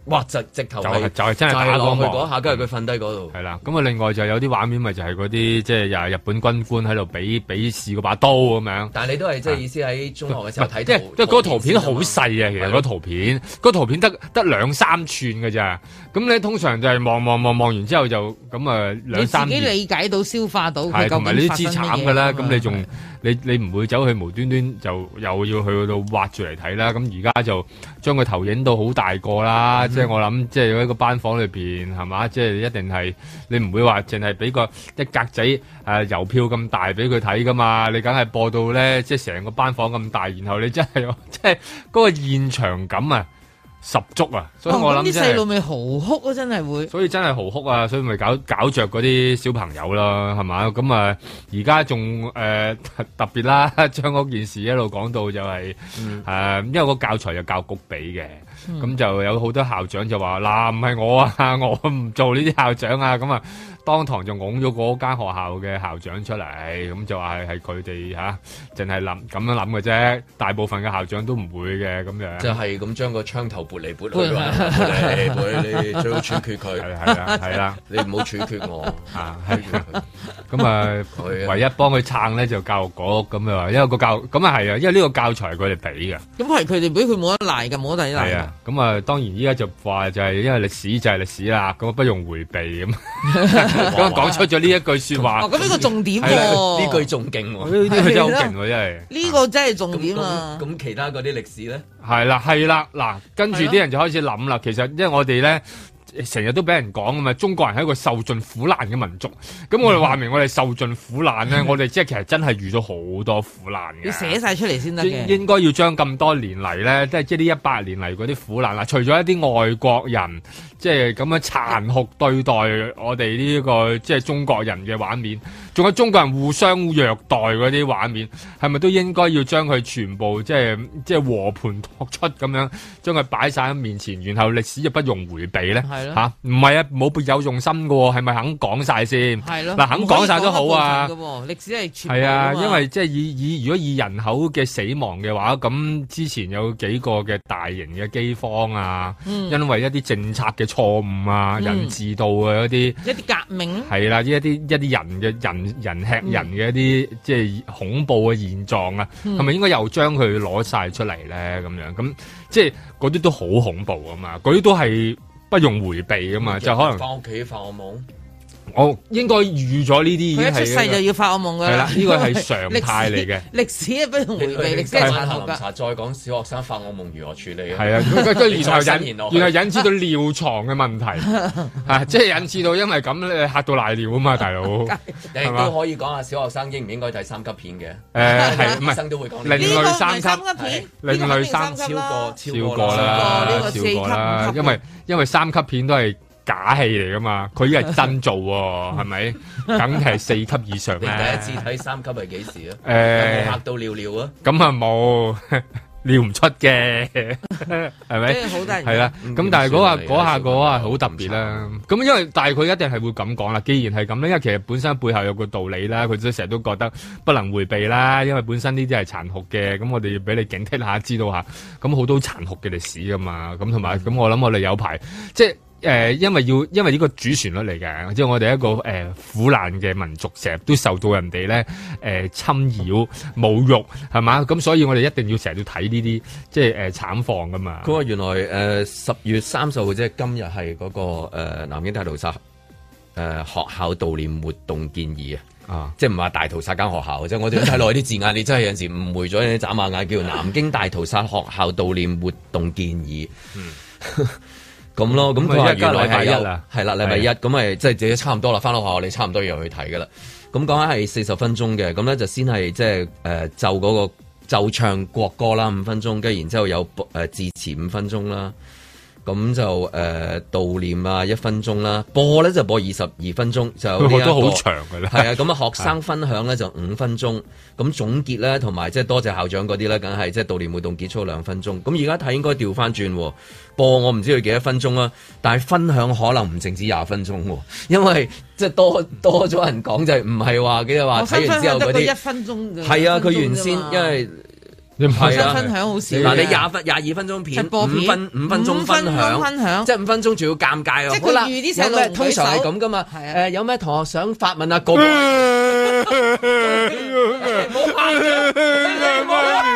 哇！直頭係、就係、就係真係打落去嗰下，跟住佢瞓低嗰度。係啦，咁啊，另外就有啲畫面咪就係嗰啲，即係又係日本軍官喺度比比試嗰把刀咁樣。但係你都係即係意思喺中學嘅時候睇，即係即係嗰個圖片好細啊！的其實嗰圖片，嗰、嗰個，圖片得得兩三寸嘅咋。咁你通常就係望望望望完之後就咁啊，兩三。你自己理解到消化到呢啲佢究竟發生乜嘢啦。咁你仲。你你唔會走去無端端就又要去度挖住嚟睇啦，咁而家就將佢投影到好大個啦，即係、mm hmm. 我諗即係喺一個班房裏邊係嘛，即係、就是、一定係你唔會話淨係俾個一格仔誒、呃、郵票咁大俾佢睇噶嘛，你梗係播到咧，即係成個班房咁大，然後你真係有即係嗰個現場感啊！十足啊！所以我諗啲細路咪嚎哭咯，真係會。所以真係嚎哭啊！所以咪搞搞著嗰啲小朋友咯，係嘛？咁啊，而家仲誒特別啦，將嗰件事一路講到就係誒，因為個教材就教局畀嘅，咁就有好多校長就話嗱，唔係我啊，我唔做呢啲校長啊，咁啊。當堂就拱咗嗰間學校嘅校長出嚟，咁就話係佢哋吓，淨係諗咁樣諗嘅啫，大部分嘅校長都唔會嘅，咁樣就。就係咁將個槍頭撥嚟撥去，話你最好處決佢，係啦係啦，啊啊、你唔好處決我啊！咁啊， 啊，唯一幫佢撐咧就是、教育局咁樣，因為個教咁啊係啊，因為呢個教材係佢哋俾嘅。咁係佢哋俾，佢冇得賴噶，冇得抵賴。係啊，咁啊，當然依家就話就係因為歷史就係歷史啦，咁啊，不用回避咁。 咁講哇 出咗呢一句說話，咁呢、 哦哦這個重點喎， 呢句仲勁喎、哦，呢句是真係好勁喎、哦，真係呢個真係、啊、重點啊、嗯！咁其他嗰啲歷史咧，係啦係啦嗱，跟住啲人就開始諗啦。其實，因為我哋咧成日都俾人講㗎嘛，中國人係一個受盡苦難嘅民族。咁我哋話明我哋受盡苦難咧，嗯、我哋即係其實真係遇咗好多苦難嘅。你 寫晒出嚟先得嘅，應該要將咁多年嚟咧，即係即係呢一百年嚟嗰啲苦難啦。除咗一啲外國人。即係咁樣殘酷對待我哋呢、一個即係中國人嘅畫面，仲有中國人互相虐待嗰啲畫面，係咪都應該要將佢全部即係即係和盤托出咁樣將佢擺晒喺面前，然後歷史就不容回避咧？係咯吓，唔係啊，冇別、啊、有，有用心嘅喎，係咪肯講晒先？係咯的，嗱，肯講晒都好啊。歷史係全係啊，因為即係以以如果以人口嘅死亡嘅話，咁之前有幾個嘅大型嘅饑荒啊，嗯、因為一啲政策嘅。錯誤啊！人治道啊！嗰啲一啲革命係啦，一啲一啲人嘅人人吃人嘅一啲、嗯、即係恐怖嘅現狀啊，係咪、嗯、應該又將佢攞晒出嚟咧？咁樣咁即係嗰啲都好恐怖啊嘛！嗰啲都係不用迴避啊嘛！嗯、就可能翻屋企發噩夢。我應該預咗呢啲已經係出世就要發惡夢噶啦。係啦，呢個係常態嚟嘅。歷史不容迴避。歷史再講小學生發惡夢如何處理。係啊，跟住然後引，然後引致到尿床嘅問題。即係引致到因為咁咧嚇到賴尿啊嘛，大佬。係嘛？都可以講下小學生應唔應該睇三級片嘅。誒，係唔係？醫生都會講呢個三級片，呢個三超過啦，超過啦，呢個四因為因為三級片都係。假戲嚟噶嘛？佢依個真做喎，係咪？梗係四級以上咧。你第一次睇三級係幾時咧？誒，吓到尿尿啊！咁啊冇尿唔出嘅，係咪？好突然係啦。咁但係嗰下嗰下嗰下好特別啦。咁因為但係佢一定係會咁講啦。既然係咁咧，因為其實本身背後有個道理啦。佢都成日都覺得不能回避啦。因為本身呢啲係殘酷嘅。咁我哋要俾你警惕下，知道下。咁好多殘酷嘅歷史噶嘛。咁同埋咁，我諗我哋有排即係。誒，因為要因為呢個主旋律嚟嘅，即係我哋一個誒、呃、苦難嘅民族，成日都受到人哋咧誒侵擾、侮辱，係嘛？咁所以我哋一定要成日要睇呢啲，即係誒慘況噶嘛。咁啊，原來誒十、呃、月三十號即係今日係嗰、那個誒、呃、南京大屠殺誒、呃、學校悼念活動建議啊，即係唔係大屠殺間學校，即係我哋睇耐啲字眼，你真係有陣時誤會咗，你眨下眼叫南京大屠殺學校悼念活動建議。啊即 咁咯，咁佢話禮拜一啦，係啦，禮拜一咁咪即係差唔多啦。翻到學校我，你差唔多又去睇噶啦。咁講係四十分鐘嘅，咁咧就先係即係誒奏嗰個奏唱國歌啦，五分鐘，跟住然之後有誒致辭五分鐘啦。咁就誒、呃、悼念啊一分鐘啦，播咧就播二十二分鐘就、這個。佢得好長嘅咧。係啊，咁啊學生分享咧就五分鐘，咁的總結咧同埋即係多謝校長嗰啲咧，梗係即係悼念活動結束兩分鐘。咁而家睇應該調翻轉，播我唔知佢幾多分鐘啦，但係分享可能唔淨止廿分鐘，因為即係多多咗人講就係唔係話嘅話，睇 完之後啲一分，分鐘係啊，佢原先因為。你唔係啊！分享好少，嗱，你廿分廿二分鐘片，五分五分鐘分享，即係五分鐘仲要尷尬啊！即係佢預啲嘢，通常係咁噶嘛。係啊，誒有咩同學想發問啊？個個冇拍著，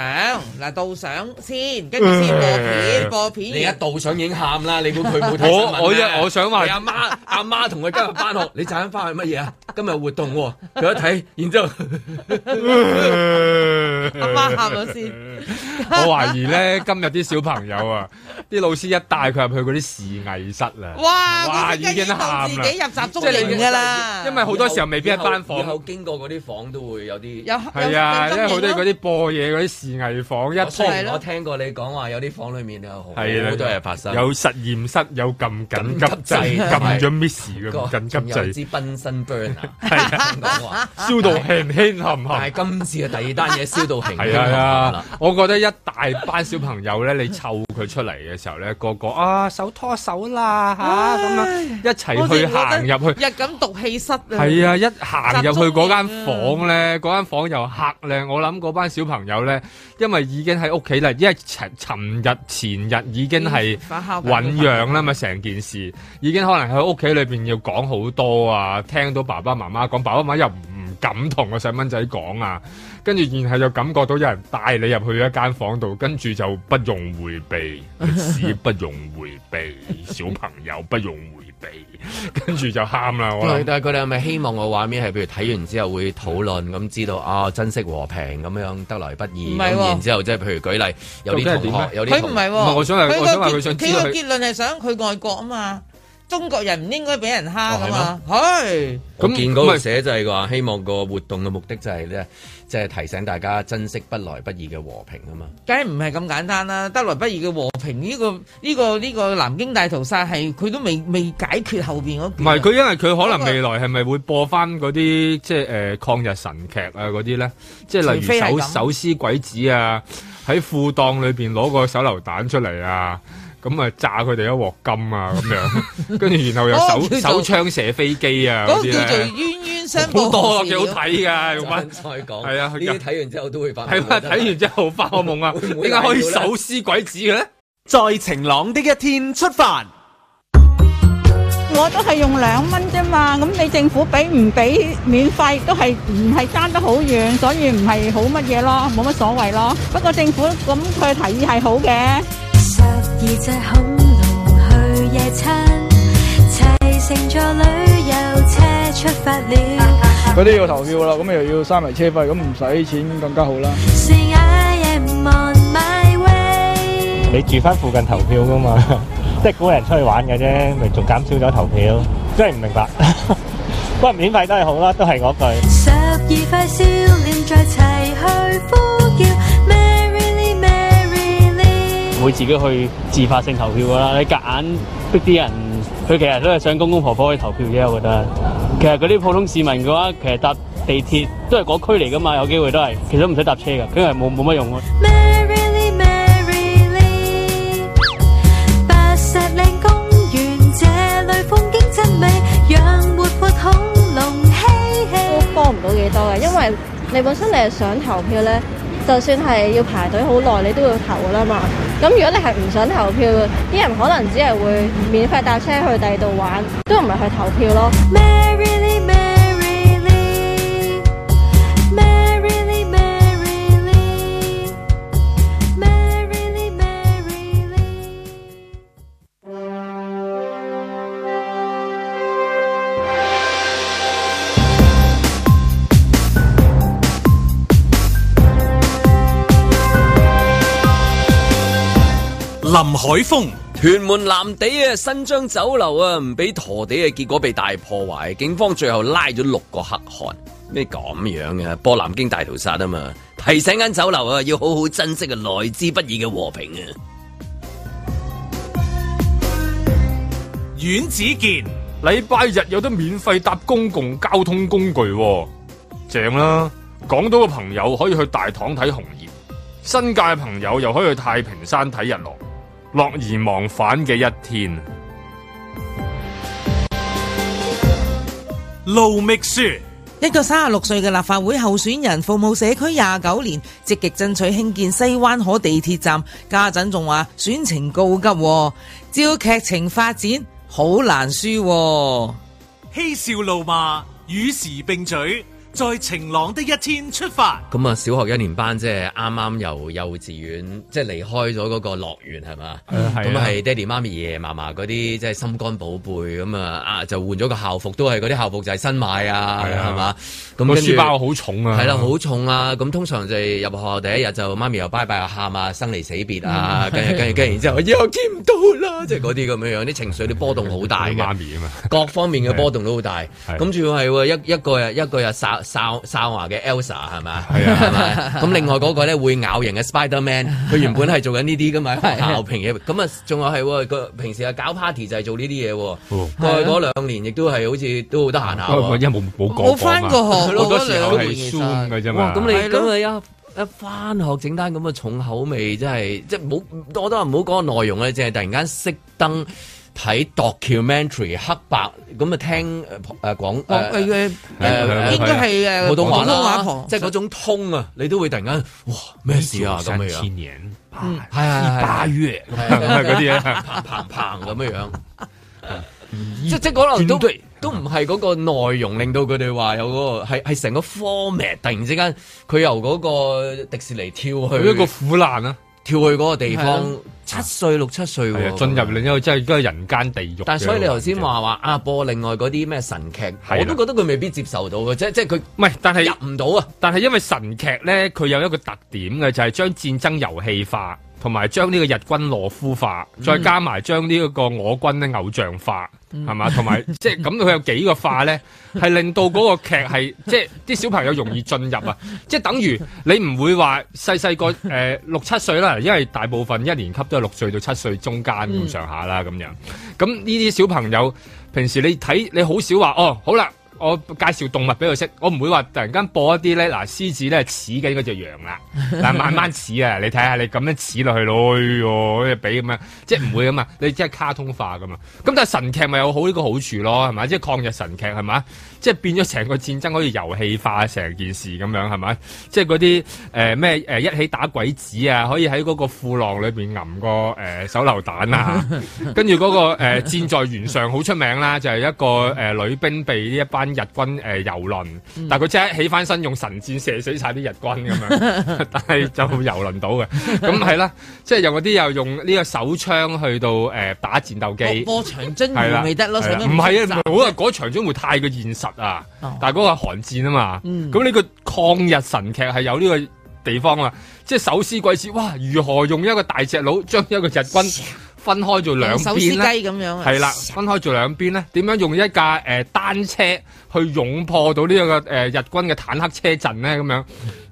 上嗱，到上先，跟住先播片，播片。你一到上已經喊啦，你估佢冇睇新聞咩？我我想話阿媽阿媽同佢今日翻學，你陣間翻去乜嘢啊？今日活動，佢一睇，然之後阿媽喊咗先。我懷疑咧，今日啲小朋友啊，啲老師一帶佢入去嗰啲視藝室啦。哇！佢已經自己入集中，即係噶啦。因為好多時候未必係班房，以後經過嗰啲房都會有啲有係啊，因為好多嗰啲播嘢嗰啲示。危房一拖，我聽過你講話有啲房裏面有好多嘢發生，有實驗室，有撳緊急掣撳咗 miss 嘅緊急掣，有支噴身 burner，係咁講話，燒到輕輕合唔合？但係今次嘅第二單嘢，燒到輕輕合？我覺得一大班小朋友咧，你湊佢出嚟嘅時候咧，個個啊手拖手啦嚇咁樣一齊去行入去一咁毒氣室。係啊，一行入去嗰間房咧，嗰間房又黑咧，我諗嗰班小朋友咧。因為已經喺屋企啦，因為尋日前日已經係醞釀啦，嘛。成件事，已經可能喺屋企裏邊要講好多啊，聽到爸爸媽媽講，爸爸媽媽又唔敢同個細蚊仔講啊，跟住然後就感覺到有人帶你入去一間房度，跟住就不用回避，即係，不用回避小朋友，不用回。 跟住 就喊啦！但係佢哋係咪希望個畫面係，譬如睇完之後會討論咁，知道啊珍惜和平咁樣得來不易。唔係啊，然之後即係譬如舉例，有啲同學，有啲同學，佢唔係。佢想話佢個結論係想，想，想去外國啊嘛。中國人唔應該俾人蝦啊嘛，係、哦。是嗯、我見嗰個寫就係話，希望個活動嘅目的就係咧，即、就、係、是、提醒大家珍惜不來不易嘅和平啊嘛。梗係唔係咁簡單啦？得來不易嘅和平，呢個呢個呢個南京大屠殺係佢都未未解決後邊嗰。唔係佢，因為佢可能未來係咪會播返嗰啲即係誒抗日神劇啊嗰啲咧？即係例如手手撕鬼子啊，喺褲檔裏邊攞個手榴彈出嚟啊！咁啊，炸佢哋一鑊金啊，咁樣，跟住然後又手手槍射飛機啊，嗰個叫做冤冤相報多啦，幾好睇噶，再講係啊，呢啲睇完之後都會發，睇完之後發個夢啊，點解可以手撕鬼子嘅咧？在晴朗的一天出發，我都係用兩蚊啫嘛，咁你政府俾唔俾免費都係唔係爭得好遠，所以唔係好乜嘢咯，冇乜所謂咯。不過政府咁佢嘅提議係好嘅。十二隻恐龍去夜餐，齊乘坐旅遊車出發了嗰啲 要投票啦，咁又要三埋車費，咁唔使錢更加好啦。 你住翻附近投票噶嘛？ 即係嗰個人出去玩嘅啫，咪仲減少咗投票，真係唔明白。 不過免費都係好啦，都係嗰句。十二塊笑臉再齊去呼叫。唔會自己去自發性投票噶啦，你夾硬逼啲人，佢其實都係想公公婆婆去投票啫。我覺得，其實嗰啲普通市民嘅話，其實搭地鐵都係嗰區嚟噶嘛，有機會都係，其實唔使搭車噶，佢係冇冇乜用啊。Mary Lee, Mary Lee, 八十嶺公園，這裏風景真美，讓活潑恐龍嬉戲。都幫唔到幾多嘅，因為你本身你係想投票咧。就算係要排隊好耐，你都要投啦嘛。咁如果你係唔想投票嘅，啲人可能只係會免費搭車去第二度玩，都唔係去投票咯。林海峰，屯門南地嘅新張酒樓啊，唔俾、啊、陀地嘅、啊、結果被大破壞，警方最後拉咗六個黑漢。咩咁樣嘅、啊？波南京大屠殺啊嘛！提醒間酒樓啊，要好好珍惜啊，來之不易嘅和平啊！阮子健，禮拜日有得免費搭公共交通工具、哦，正啦！港島嘅朋友可以去大棠睇紅葉，新界嘅朋友又可以去太平山睇日落。樂而忘返嘅一天。路覓書，一個三十六歲嘅立法會候選人，服務社區廿九年，積極爭取興建西灣河地鐵站。家陣仲話選情告急喎，照劇情發展好難輸喎。嬉笑怒罵，與時並舉。在晴朗的一天出發。咁啊，小學一年班即係啱啱由幼稚園即係離開咗嗰個樂園係嘛，咁係爹哋媽咪爺爺嫲嫲嗰啲即係心肝寶貝，咁啊啊就換咗個校服，都係嗰啲校服就係新買啊，係嘛，咁個書包好重啊，係啦，好重啊，咁通常就係入學第一日就媽咪又拜拜又喊啊，生離死別啊，跟住跟住跟住然之後又見唔到啦，即係嗰啲咁樣樣，啲情緒都波動好大嘅，媽咪啊嘛，各方面嘅波動都好大，咁仲要係一一個一個日。哨哨牙嘅 Elsa 係咪？係啊，係咪？咁另外嗰個咧會咬人嘅 Spiderman，佢原本係做緊呢啲噶嘛，校平嘢，咁啊仲有係個平時啊搞 party 就係做呢啲嘢，過去嗰兩年亦都係好似都好得閒下，冇翻過學好多時候係啫咁你，咁啊一翻學整單咁嘅重口味，真係即係冇，我都話唔好講個內容咧，淨係突然間熄燈。喺 documentary 黑白咁啊聽誒誒講，誒誒，應該係誒普通話，即係嗰種通啊，你都會突然間哇咩事啊咁樣千年，係係係八月嗰啲嘢，棒棒咁樣樣，即即可能都都唔係嗰個內容令到佢哋話有嗰個係係成個 format 突然之間佢由嗰個迪士尼跳去一個苦難啊！跳去嗰個地方，啊，七歲六七歲，那個，進、啊，入另外即係都係人間地獄。但係所以你頭先話話啊，播另外嗰啲咩神劇，啊，我都覺得佢未必接受到嘅，即係即係佢唔係，但係入唔到啊！但係因為神劇咧，佢有一個特點嘅，就係、是，將戰爭遊戲化。同埋將呢個日軍羅夫化，再加埋將呢一個我軍咧偶像化，係嘛？同埋即係咁，佢有幾個化咧，係 令到嗰個劇係即係啲小朋友容易進入啊！即係等於你唔會話細細個誒六七歲啦，因為大部分一年級都係六歲到七歲中間咁上下啦，咁樣咁呢啲小朋友平時你睇你好少話哦，好啦。我介紹動物俾佢識，我唔會話突然間播一啲咧，嗱獅子咧似緊嗰隻羊啦，但係 慢慢似啊，你睇下你咁樣似落去咯，俾、哎、咁、哎、樣，即係唔會啊嘛， 你即係卡通化噶嘛，咁但係神劇咪有好呢個好處咯，係咪？即係抗日神劇係咪？即係變咗成個戰爭可以遊戲化成件事咁樣係咪？即係嗰啲誒咩誒一起打鬼子啊，可以喺嗰個褲浪裏邊揞個誒手榴彈啊，跟住嗰個誒、呃、戰在原上好出名啦，就係一個誒女、呃、兵被呢一班日軍誒遊、呃、輪，但佢即刻起翻身用神箭射死晒啲日軍咁樣，但係、嗯、就遊輪到嘅，咁係啦，即係有嗰啲又用呢個手槍去到誒、呃、打戰鬥機，哦、播長征係未得咯，唔係啊，好啊是，嗰場中會太過現實。是嗎啊！但係嗰個寒戰啊嘛，嗯、咁呢個抗日神劇係有呢個地方啊，即係手撕鬼子哇！如何用一個大隻佬將一個日軍分開做兩邊咧？手撕雞咁樣係啦，分開做兩邊咧，點樣用一架誒單車去勇破到呢個誒日軍嘅坦克車陣咧？咁樣，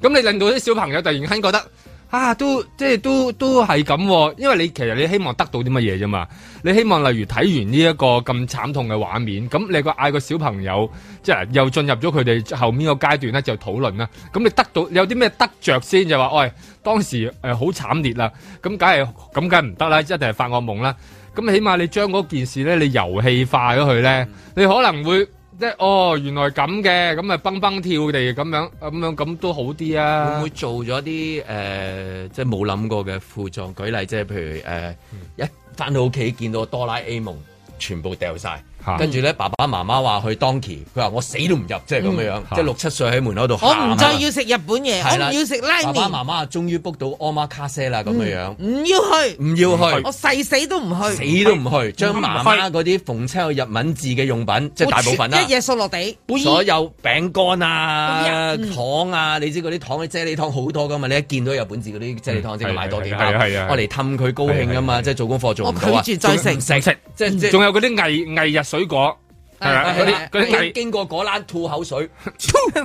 咁你令到啲小朋友突然間覺得。啊，都即係都都係咁、啊，因為你其實你希望得到啲乜嘢啫嘛？你希望例如睇完呢一個咁慘痛嘅畫面，咁你個嗌個小朋友，即係又進入咗佢哋後面個階段咧，就討論啦。咁你得到你有啲咩得着先？就話喂、哎，當時誒好慘烈啦，咁梗係咁梗係唔得啦，一定係發惡夢啦。咁起碼你將嗰件事咧，你遊戲化咗佢咧，你可能會。即係哦，原來咁嘅，咁咪蹦蹦跳地咁樣，咁樣咁都好啲啊！會唔會做咗啲誒，即係冇諗過嘅服裝？舉例即係譬如誒，一返到屋企見到哆啦 A 夢，全部掉曬。跟住咧，爸爸媽媽話去 Donki，佢話我死都唔入，即係咁樣樣，即係六七歲喺門口度。我唔再要食日本嘢，我唔要食拉麵。爸爸媽媽終於 book 到 omakase 啦，咁樣樣。唔要去，唔要去，我誓死都唔去。死都唔去，將媽媽嗰啲逢親有日文字嘅用品，即係大部分啦。一嘢摔落地，所有餅乾啊、糖啊，你知嗰啲糖嘅啫喱糖好多噶嘛？你一見到日本字嗰啲啫喱糖，即係買多啲。係啊，我嚟氹佢高興啊嘛，即係做功課做唔好。我拒絕再食食，即係仲有嗰啲藝藝日術。水果係啦，嗰啲嗰啲毅經過果欄吐口水，吐，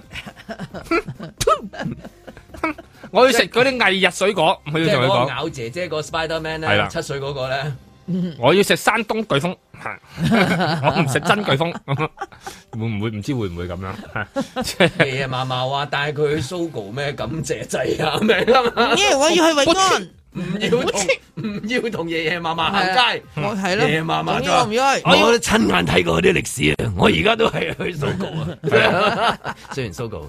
吐，我要食嗰啲毅日水果，我要同佢講。即係嗰個咬姐姐個 Spiderman 咧，七歲嗰個咧，我要食山東巨峰，我唔食真巨峰，會唔會唔知會唔會咁樣？係啊，嫲嫲話帶佢去 sogo 咩？感謝祭啊咩啦嘛。咦？我要去永安。唔要唔要同爺爺嫲嫲行街，我係咯，爺爺嫲嫲都唔應該。我都親眼睇過嗰啲歷史啊，我而家都係去 Sogo 啊。雖然 Sogo，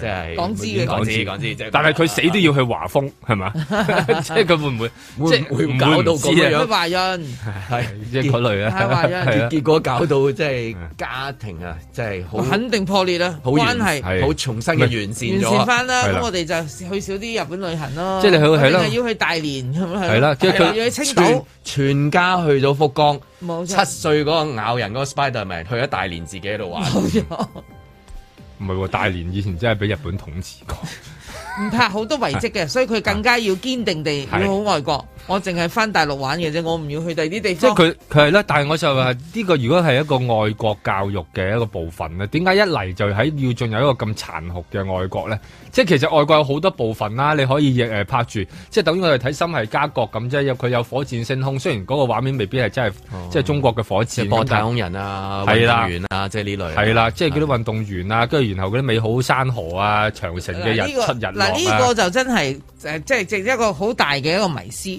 即係港資嘅港資港資，但係佢死都要去華豐，係嘛？即係佢會唔會即係會搞到咁樣？懷孕即係嗰類啦，啊。結果搞到即係家庭啊，即係好肯定破裂啦，好關係，好重新嘅完善完善翻啦，咁我哋就去少啲日本旅行咯。即係你去係咯，要去大連。係、 嗯、啦，跟住佢全家去咗福岡，錯七歲嗰個咬人嗰個 Spiderman 去咗大連自己喺度玩。冇錯，唔係喎，大連以前真係俾日本統治過，唔怕好多遺迹嘅，所以佢更加要堅定地要好愛國。 我淨係翻大陸玩嘅啫，我唔要去第二啲地方。即係佢佢係咧，但係我就話呢個，如果係一個外國教育嘅一個部分咧，點解一嚟就喺要進入一個咁殘酷嘅外國咧？即係其實外國有好多部分啦，你可以誒拍住，即係等於我哋睇心係家國咁啫。即係佢有火箭升空，雖然嗰個畫面未必係真係，嗯、即係中國嘅火箭。即係太空人啊，就是、運動員啊，即係呢類。係啦，即係嗰啲運動員啊，跟住然後嗰啲美好山河啊，長城嘅日出日落啊。嗱呢個就真係誒、呃，即係一個好大嘅一個迷思。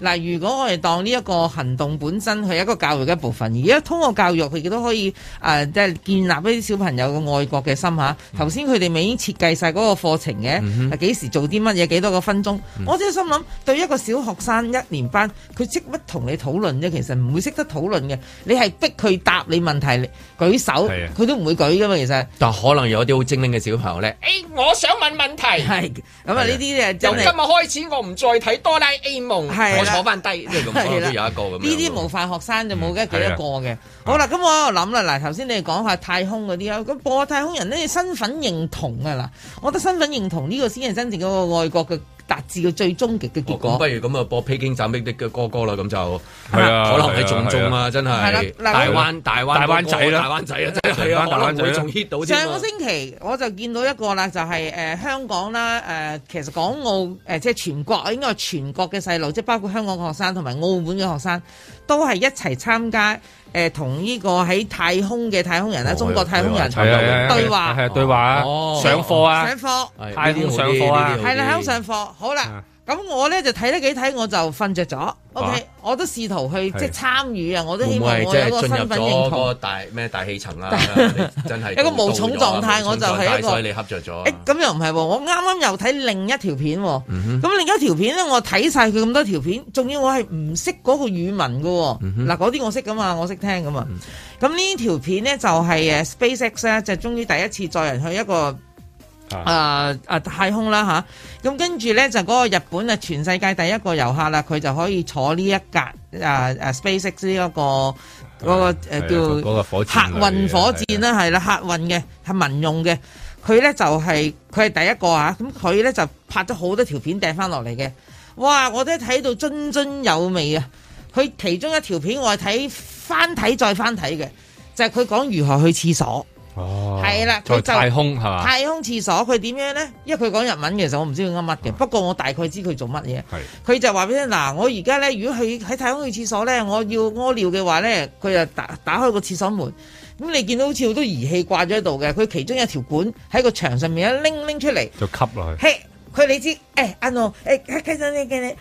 嗱，如果我哋當呢一個行動本身係一個教育嘅一部分，而家通過教育，佢亦都可以誒，即係建立呢啲小朋友嘅愛國嘅心吓。頭先佢哋未設計晒嗰個課程嘅，係幾時做啲乜嘢，幾多個分鐘。我真係心諗，對一個小學生一年班，佢識得同你討論啫，其實唔會識得討論嘅。你係逼佢答你問題，舉手，佢都唔會舉㗎嘛。其實，但可能有啲好精靈嘅小朋友咧，誒，我想問問題。係咁啊！呢啲由今日開始，我唔再睇哆啦 A 夢。係。坐翻低，即係咁講都有一個咁。呢啲模範學生就冇嘅，幾多個嘅。好啦，咁我喺度諗啦，嗱，頭先你哋講下太空嗰啲啊，咁播太空人咧身份認同啊啦，我覺得身份認同呢個先係真正嗰個愛國嘅。達至個最終極嘅結果，不如咁吧吧啊，播披荊斬棘的嘅哥哥啦，咁就係啊，可能係中中啊，真係大灣大灣大灣仔啦，啊，大灣仔啊，真係啊，大灣仔仲，啊啊、hit 到。上個星期我就見到一個啦，就是，就係誒香港啦，誒、呃、其實港澳誒、呃、即係全國，應該係全國嘅細路，即係包括香港嘅學生同埋澳門嘅學生，都係一齊參加。誒、呃、同呢個喺太空嘅太空人咧，哦、中國太空人做對話，係對，對話啊，啊，上課啊，上課，太空上課啊，係啦，喺上課，好啦。啊咁我咧就睇得幾睇，我就瞓着咗。O、okay? K，、啊、我都試圖去是即係參與啊！我都希望我有個身份認同。唔會即係進入咗個大咩大氣層啦， 真係一個無重狀態，狀態我就係一個。所以你瞌著咗？咁、欸、又唔係喎，我啱啱又睇另一條片喎、啊。咁、嗯、哼另一條片咧，我睇晒佢咁多條片，仲要我係唔識嗰個語文噶、啊。嗱、嗯哼，嗰啲、啊、我識噶嘛，我識聽噶嘛。咁呢條片咧就係誒 SpaceX 啊，就係終於第一次載人去一個。啊啊太空啦嚇，咁、啊、跟住咧就嗰、是、個日本啊，全世界第一個遊客啦，佢就可以坐呢一格啊啊 SpaceX 呢、這、一個嗰、那個誒、啊、叫客運火箭啦，係啦、啊啊啊啊，客運嘅係民用嘅，佢咧就係佢係第一個嚇，咁佢咧就拍咗好多條片掟翻落嚟嘅，哇！我都睇到津津有味啊，佢其中一條片我係睇翻睇再翻睇嘅，就係、是、佢講如何去廁所。係啦，佢、哦、太空係嘛，太空廁所佢點樣咧？因為佢講日文嘅時候，我唔知佢噏乜嘅。嗯、不過我大概知佢做乜嘢。佢係就話俾你聽，嗱，我而家咧，如果喺喺太空去廁所咧，我要屙尿嘅話咧，佢就打打開個廁所門。咁你見到好似好多儀器掛咗喺度嘅，佢其中一條管喺個牆上面一拎拎出嚟，就吸落去。佢你知，誒，阿諾，誒，繼續你嘅你，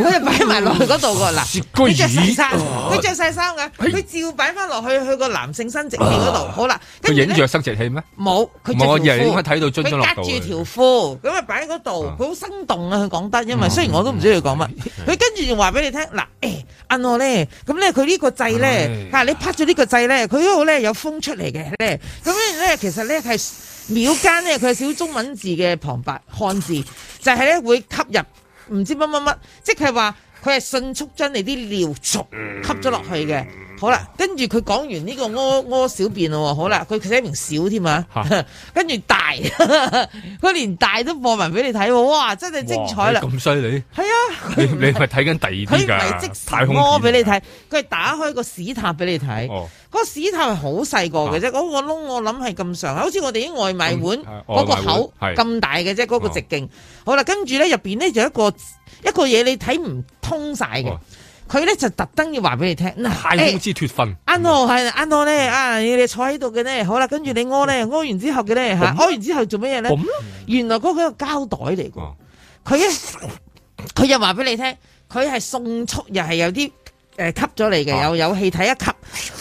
擺埋落去嗰度嘅啦。佢着晒衫，佢着晒衫嘅，佢照擺翻落去去個男性生殖器嗰度。好啦，佢影着生殖器咩？冇，佢着條褲。我睇到樽隔住條褲，咁啊擺喺嗰度，佢好生動啊！佢講得，因為雖然我都唔知佢講乜，佢跟住就話俾你聽，嗱，誒，阿諾咧，咁咧佢呢個掣咧，吓你拍咗呢個掣咧，佢嗰度咧有風出嚟嘅咧，咁咧其實咧係。秒間咧，佢有少中文字嘅旁白，漢字就係咧會吸入唔知乜乜乜，即係話佢係迅速將你啲尿毒吸咗落去嘅。好啦，跟住佢講完呢個屙屙小便咯，好啦，佢佢寫明小添啊，跟住大，佢連大都播埋俾你睇，哇，真係精彩啦！咁犀利，係啊，你你咪睇緊第二啲噶，佢唔係即係屙俾你睇，佢係打開個屎塔俾你睇，個屎塔係好細個嘅啫，嗰個窿我諗係咁上下，好似我哋啲外賣碗嗰個口咁大嘅啫，嗰個直徑。好啦，跟住咧入邊咧就一個一個嘢你睇唔通晒嘅。佢咧就特登要話俾你聽，係好似脱困。阿諾係阿諾啊你哋坐喺度嘅呢，好啦，跟住你屙咧，屙完之後嘅咧吓，屙、啊、完之後做乜嘢咧？嗯、原來嗰個膠袋嚟噶，佢一佢又話俾你聽，佢係迅速又係有啲誒吸咗嚟嘅，有有氣體一吸。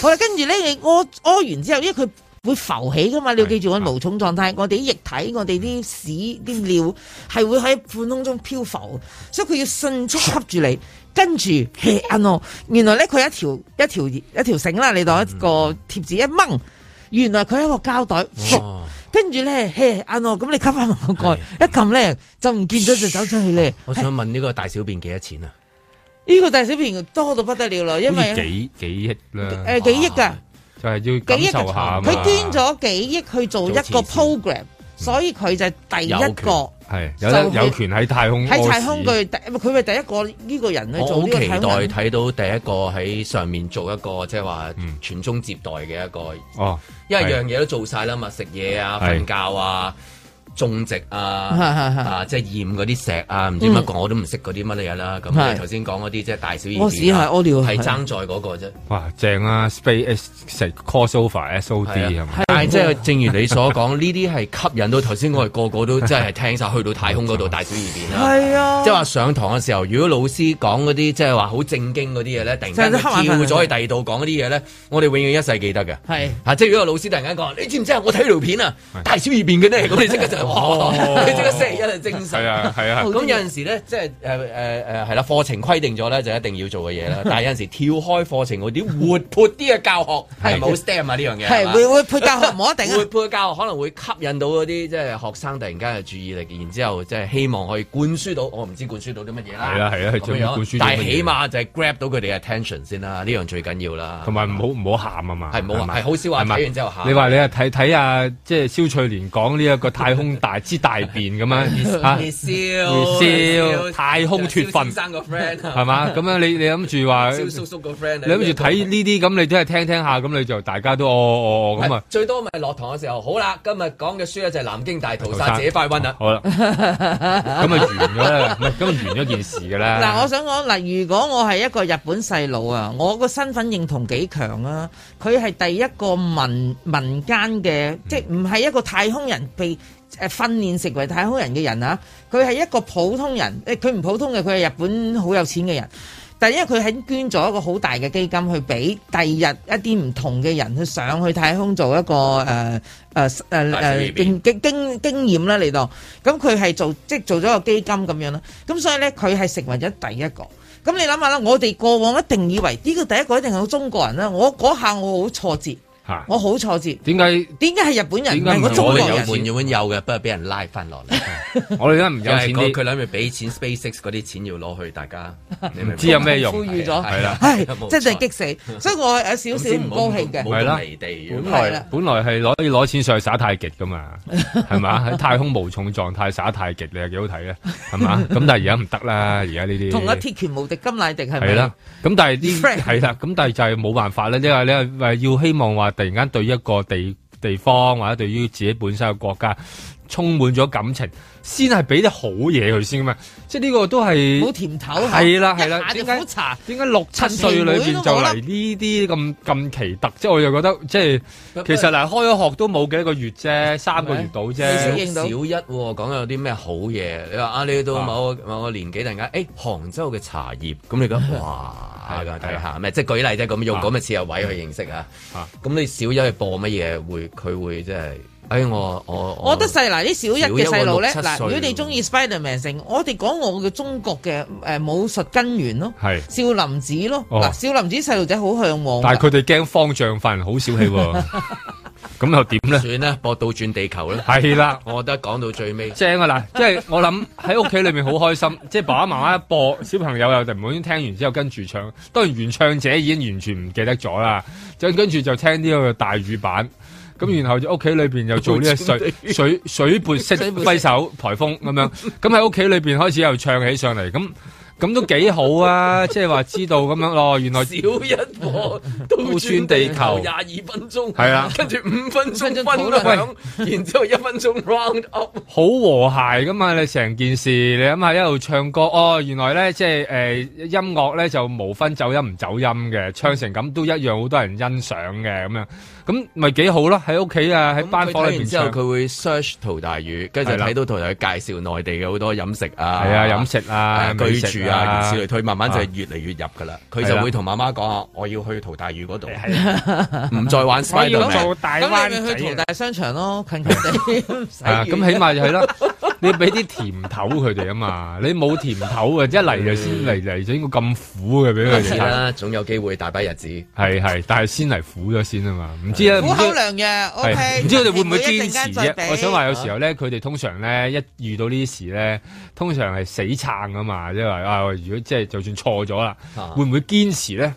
好啦跟住咧，你屙屙完之後，因為佢會浮起噶嘛，你要記住狀態、嗯、我無重狀態，我哋啲液體，我哋啲屎啲尿係會喺半空中漂浮，所以佢要迅速吸住你。 跟住 h 啊，原來咧佢一條一條一條繩啦，你當一個貼紙一掹，原來佢係一個膠袋，跟住咧 h 啊咁你吸翻個蓋，一撳咧就唔見咗就走出去咧。我想問呢個大小便幾多錢啊？呢個大小便多到不得了咯，因為幾幾億啦，誒幾億噶，就係要幾億佢捐咗幾億去做一個 program，所以佢就係第一個。係有有權喺太空喺太空去第，佢咪第一個呢個人咧，我好期待睇到第一個喺上面做一個即係話傳宗接代嘅一個，嗯、因為樣嘢都做晒啦嘛，嗯、食嘢啊，瞓覺啊。嗯種植啊，啊即係驗嗰啲石啊，唔知乜講我都唔識嗰啲乜嘢啦。咁你頭先講嗰啲即係大小二便，屙屎係屙尿係爭在嗰個啫。哇，正啊！Space，成 cosover，SOD 啊嘛。但係即係正如你所講，呢啲係吸引到頭先我哋個個都即係聽晒去到太空嗰度大小二便啦。係啊，即係話上堂嘅時候，如果老師講嗰啲即係話好正經嗰啲嘢咧，突然間跳咗去第二度講嗰啲嘢咧，我哋永遠一世記得嘅。係即係如果老師突然間講，你知唔知我睇條片啊，大小二便嘅呢。」咁你你呢個星期一係精神，係啊係啊。咁有陣時咧，即係誒誒誒係啦，課程規定咗咧就一定要做嘅嘢啦。但係有陣時跳開課程嗰啲活潑啲嘅教學係好 STEM 啊，呢樣嘢係會會教學冇一定啊，會配教學可能會吸引到嗰啲即係學生突然間嘅注意力，然之後即係希望可以灌輸到我唔知灌輸到啲乜嘢啦。係啊係啊，咁樣，但係起碼就係 grab 到佢哋嘅 attention 先啦，呢樣最緊要啦。同埋唔好唔好喊啊嘛，係唔好少話睇完之後喊。你話你係睇睇啊，即係蕭翠蓮講呢一個太空。大之大變咁樣，熱燒熱燒，太空脫訓，生個 friend，係嘛？咁樣你你諗住話，諗住睇呢啲咁，你都係聽聽下，咁你就大家都哦哦咁啊。最多咪落堂嘅時候，好啦，今日講嘅書咧就係《南京大屠殺》自己快溫啦。好啦，咁咪完咗，咪咁咪完咗件事噶啦。嗱，我想講嗱，如果我係一個日本細佬啊，我個身份認同幾強啊？佢係第一個民民間嘅，即係唔係一個太空人被。誒訓練成為太空人嘅人啊，佢係一個普通人，誒佢唔普通嘅，佢係日本好有錢嘅人，但係因為佢係捐咗一個好大嘅基金去俾第二日一啲唔同嘅人去上去太空做一個誒誒誒誒經經經驗啦嚟到，咁佢係做即係做咗個基金咁樣啦，咁所以呢，佢係成為咗第一個，咁你諗下啦，我哋過往一定以為呢個第一個一定係中國人啦，我嗰下我好挫折。我好挫折。點解點解係日本人？點解我哋有錢？原本有嘅，不過俾人拉翻落嚟。我哋而家唔有錢。佢佢諗住俾錢 SpaceX 嗰啲錢要攞去，大家你明唔明？知有咩用？預咗係啦，係即係真係激死。所以我有少少唔高興嘅。係啦，地本來本來係攞攞錢上去耍太極㗎嘛，係嘛？喺太空無重狀態耍太極，你又幾好睇嘅，係嘛？咁但係而家唔得啦，而家呢啲同一鐵拳無敵金乃迪係咪？係啦。咁但係呢係啦。咁但係就係冇辦法啦。因為咧，你要希望話。突然間對一個地地方，或者對於自己本身嘅國家。充滿咗感情，先係俾啲好嘢佢先嘅嘛，即係呢個都係冇甜頭、啊，係啦係啦，點解點解六七歲裏邊、啊、就嚟呢啲咁咁奇特？即係我又覺得，即係其實嗱，開咗學都冇幾多個月啫，三個月到啫，小一講、哦、有啲咩好嘢？你話啊，你到某個、啊、某個年紀突然間，誒、欸，杭州嘅茶葉，咁你講哇，係噶， 睇下咩？即係舉例即係咁用咁嘅切入位去認識啊，吓，咁你小一去播乜嘢？會佢會即係。哎，我我我，我覺得細嗱啲小一嘅細路咧，嗱，如果你中意 Spiderman 成，我哋講我嘅中國嘅誒、呃、武術根源是咯，哦、少林寺咯，嗱，少林寺啲細路仔好向往，但係佢哋驚方丈罰人好小氣喎，咁 又點咧？算呢？駁倒轉地球啦，係啦，我覺得講到最尾正啊嗱，即係我諗喺屋企裏面好開心，即係爸爸媽媽一播，小朋友又就唔好聽完之後跟住唱，當然原唱者已經完全唔記得咗啦，就跟住就聽呢個大語版。咁、嗯、然後就屋企裏邊又做呢個水水 水撥式揮手颱風咁樣，咁喺屋企裏邊開始又唱起上嚟咁。咁都幾好啊！即係話知道咁樣咯，原來少一個都算地球廿二分鐘，係啊，跟住五分鐘分兩，然之後一分鐘 round up，好和諧噶嘛！你成件事你諗下一路唱歌哦，原來咧即係誒音樂咧就無分走音唔走音嘅，唱成咁都一樣好多人欣賞嘅咁樣，咁咪幾好咯！喺屋企啊，喺班房裏面，然之後佢會 search 陶大宇，跟住睇到陶大宇介紹內地嘅好多飲食啊，係啊飲食啊，居住啊。由是類推，慢慢就係越嚟越入噶啦。佢就會同媽媽講，我要去淘大魚嗰度，唔再玩 slide 啦。咁你去淘大商場咯，近近哋。係咁起碼就係咯。你俾啲甜頭佢哋啊嘛，你冇甜頭啊，一嚟就先嚟嚟咗，應該咁苦嘅俾佢哋。係啦，總有機會大把日子。係係，但係先嚟苦咗先啊嘛，唔知啊，唔知。苦口良藥，OK。唔知佢哋會唔會堅持啫？我想話有時候咧，佢哋通常咧一遇到呢啲事咧，通常係死撐噶嘛，即係話。如果即係就算錯咗啦，啊、會唔會堅持咧？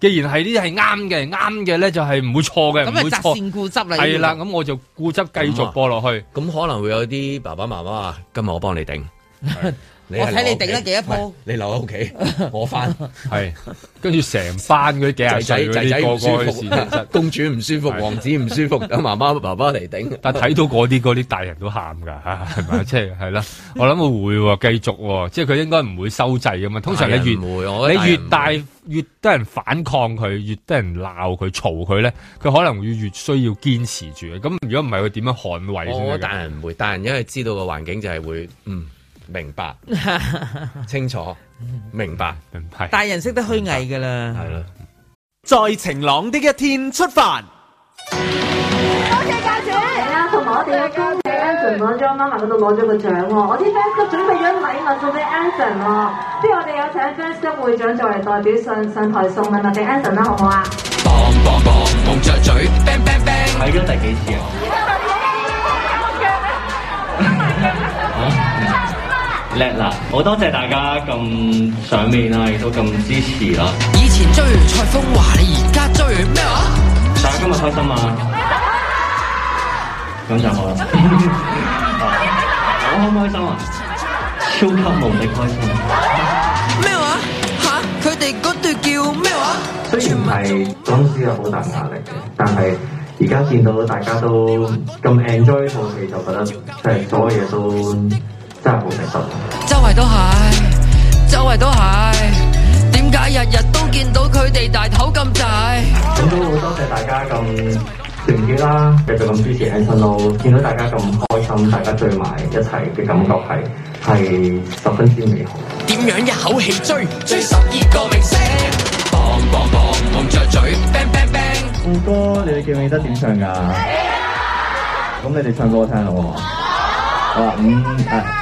既然係呢啲係啱嘅，啱嘅咧就係唔會錯嘅，咁擇善固執嚟，唔會錯。係啦，咁我就固執繼續播落去，咁、啊、可能會有啲爸爸媽媽啊，今日我幫你頂。 我睇你頂得幾多鋪，你留喺屋企，我翻。係跟住成班嗰啲幾啊仔嗰啲，個個都唔舒服，公主唔舒服，王子唔舒服，等媽媽爸爸嚟頂。但睇到嗰啲嗰啲大人都喊噶吓，係咪？即係係啦。我諗會會繼續，即係佢應該唔會收掣噶嘛。通常你越你越大，越多人反抗佢，越多人鬧佢、嘈佢咧，佢可能會越需要堅持住。咁如果唔係，佢點樣捍衛？哦，大人唔會，大人因為知道個環境就係會嗯。明白，清楚，明白，明白。大人識得虛偽噶啦。係啦，在晴朗的一天出發。多謝家姐。係啊，同埋我哋嘅家姐 Anson 媽媽嗰度攞咗個獎喎，我啲 fans 都準備咗禮物送俾 Anson 喎，不如我哋有請 fans 會長作為代表上上台送禮物俾 Anson 啦，好唔好啊？叻啦！好多謝大家咁賞面啦，亦都咁支持啦。以前追蔡風華，你而家追咩話？大家今日開心嗎？咁就好啦。我開唔開心啊？超級無敵開心！咩話？吓？佢哋嗰對叫咩話？雖然係當時有好大壓力嘅，但係而家見到大家都咁 enjoy 套戲，就覺得即係所有嘢都。真係好唔心痛。周圍都係，周圍都係，點解日日都見到佢哋大口咁大？咁都好多謝大家咁團結啦，繼續咁支持 Anson 咯。見到大家咁開心，大家聚埋一齊嘅感覺係係十分之美好。點樣一口氣追追十二個明星？bang bang bang，著嘴。Bang bang bang，富哥，你哋記唔記得點唱㗎？咁你哋唱歌我聽好唔好？好。好啊，五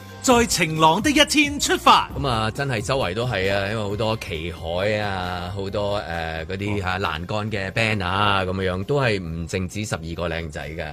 在晴朗的一天出發。咁啊，真係周圍都係啊，因為好多旗海啊，好多誒啲吓欄杆嘅 banner 啊，咁樣樣都係唔淨止十二個靚仔㗎。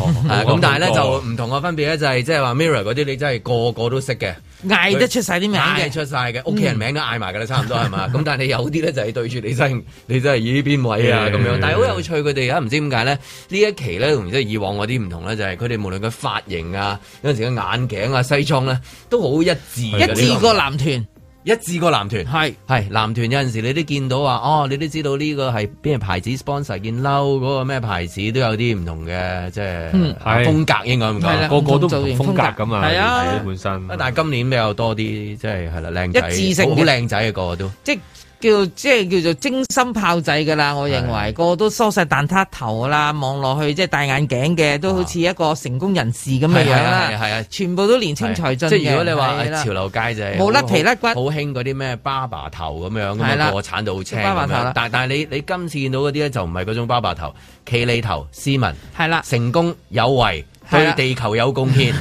哦，咁但係咧就唔同嘅分別咧，就係即係話 mirror 啲，你真係個個都識嘅，嗌得出晒啲名，嗌出晒嘅，屋企人名都嗌埋㗎啦，差唔多係嘛。咁但係你有啲咧就係對住你聲，你真係咦邊位啊咁樣。但係好有趣，佢哋啊唔知點解咧，呢一期咧同即係以往啲唔同咧，就係佢哋無論佢髮型啊，有陣時嘅眼鏡啊、西裝咧。都好一致，一致個男團，一致個男團，係係男團，有陣時你都見到話，哦，你都知道呢個係邊個牌子 sponsor 件褸，嗰個咩牌子都有啲唔同嘅，即係風格應該咁講，個個都風格咁啊，係啊，自己本身。但係今年比較多啲，即係係啦，靚仔，好靚仔啊，個個都，即叫即係叫做精心炮製噶啦，我認為個個都梳晒蛋撻頭噶啦，望落去即係戴眼鏡嘅，都好似一個成功人士咁嘅樣係啊，全部都年輕才俊，即係如果你話潮流街啫，冇甩皮甩骨，好興嗰啲咩巴爸頭咁樣，個個鏟到青。但係但係你你今次見到嗰啲咧就唔係嗰種巴爸頭，企理頭斯文，係啦，成功有為。對地球有貢獻，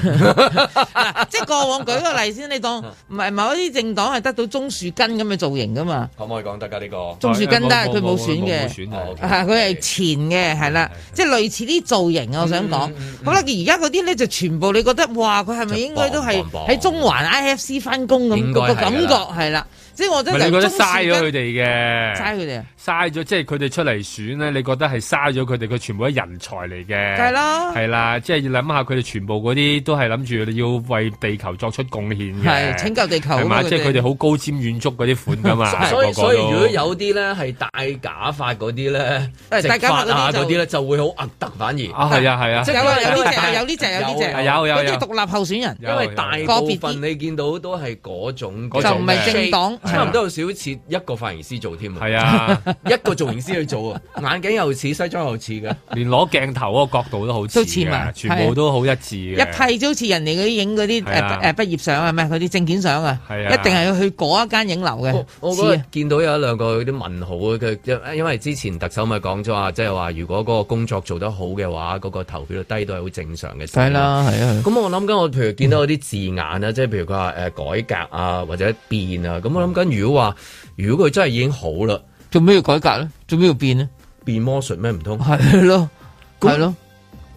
即係過往舉個例先，你當唔係某啲政黨係得到鍾樹根咁嘅造型噶嘛？可唔 可以、哎、講得㗎呢個鍾樹根？得，佢冇沒選嘅，佢係、啊 okay、前嘅，係啦，即係 類似啲造型啊！我想講，嗯嗯、好啦，而家嗰啲咧就全部你覺得，哇！佢係咪應該都係喺中環 IFC 返工咁個感覺係啦。即係我覺得嘥咗佢哋嘅，嘥佢哋，嘥咗即係佢哋出嚟選咧。你覺得係嘥咗佢哋，佢全部係人才嚟嘅，係啦，係啦。即係要諗下佢哋全部嗰啲都係諗住要為地球作出貢獻嘅，係拯救地球，係嘛？即係佢哋好高瞻遠矚嗰啲款㗎嘛。所以所以，如果有啲咧係戴假髮嗰啲咧，戴假髮嗰啲咧就會好核突。反而。啊係啊係啊！即係有呢隻，有呢隻，有呢隻。有有有。獨立候選人，因為大部分你見到都係嗰種嗰種，就唔係政黨。差唔多有少似一個髮型師做添啊！係啊，一個造型師去做啊，眼鏡又似，西裝又似嘅，連攞鏡頭嗰個角度都好似都似，全部都好一致嘅一批，就好似人哋嗰啲影嗰啲誒誒畢業相啊，咩嗰啲證件相啊，一定係要去嗰一間影樓嘅。我見到有一兩個啲問號嘅，因因為之前特首咪講咗話，即係話如果嗰個工作做得好嘅話，嗰個投票率低都係好正常嘅事。係啦，係啊。咁我諗緊，我譬如見到嗰啲字眼啊，即係譬如佢話誒改革啊，或者變啊，咁我諗。咁如果話，如果佢真係已經好啦，做咩要改革咧？做咩要變咧？變魔術咩？唔通係咯？係咯？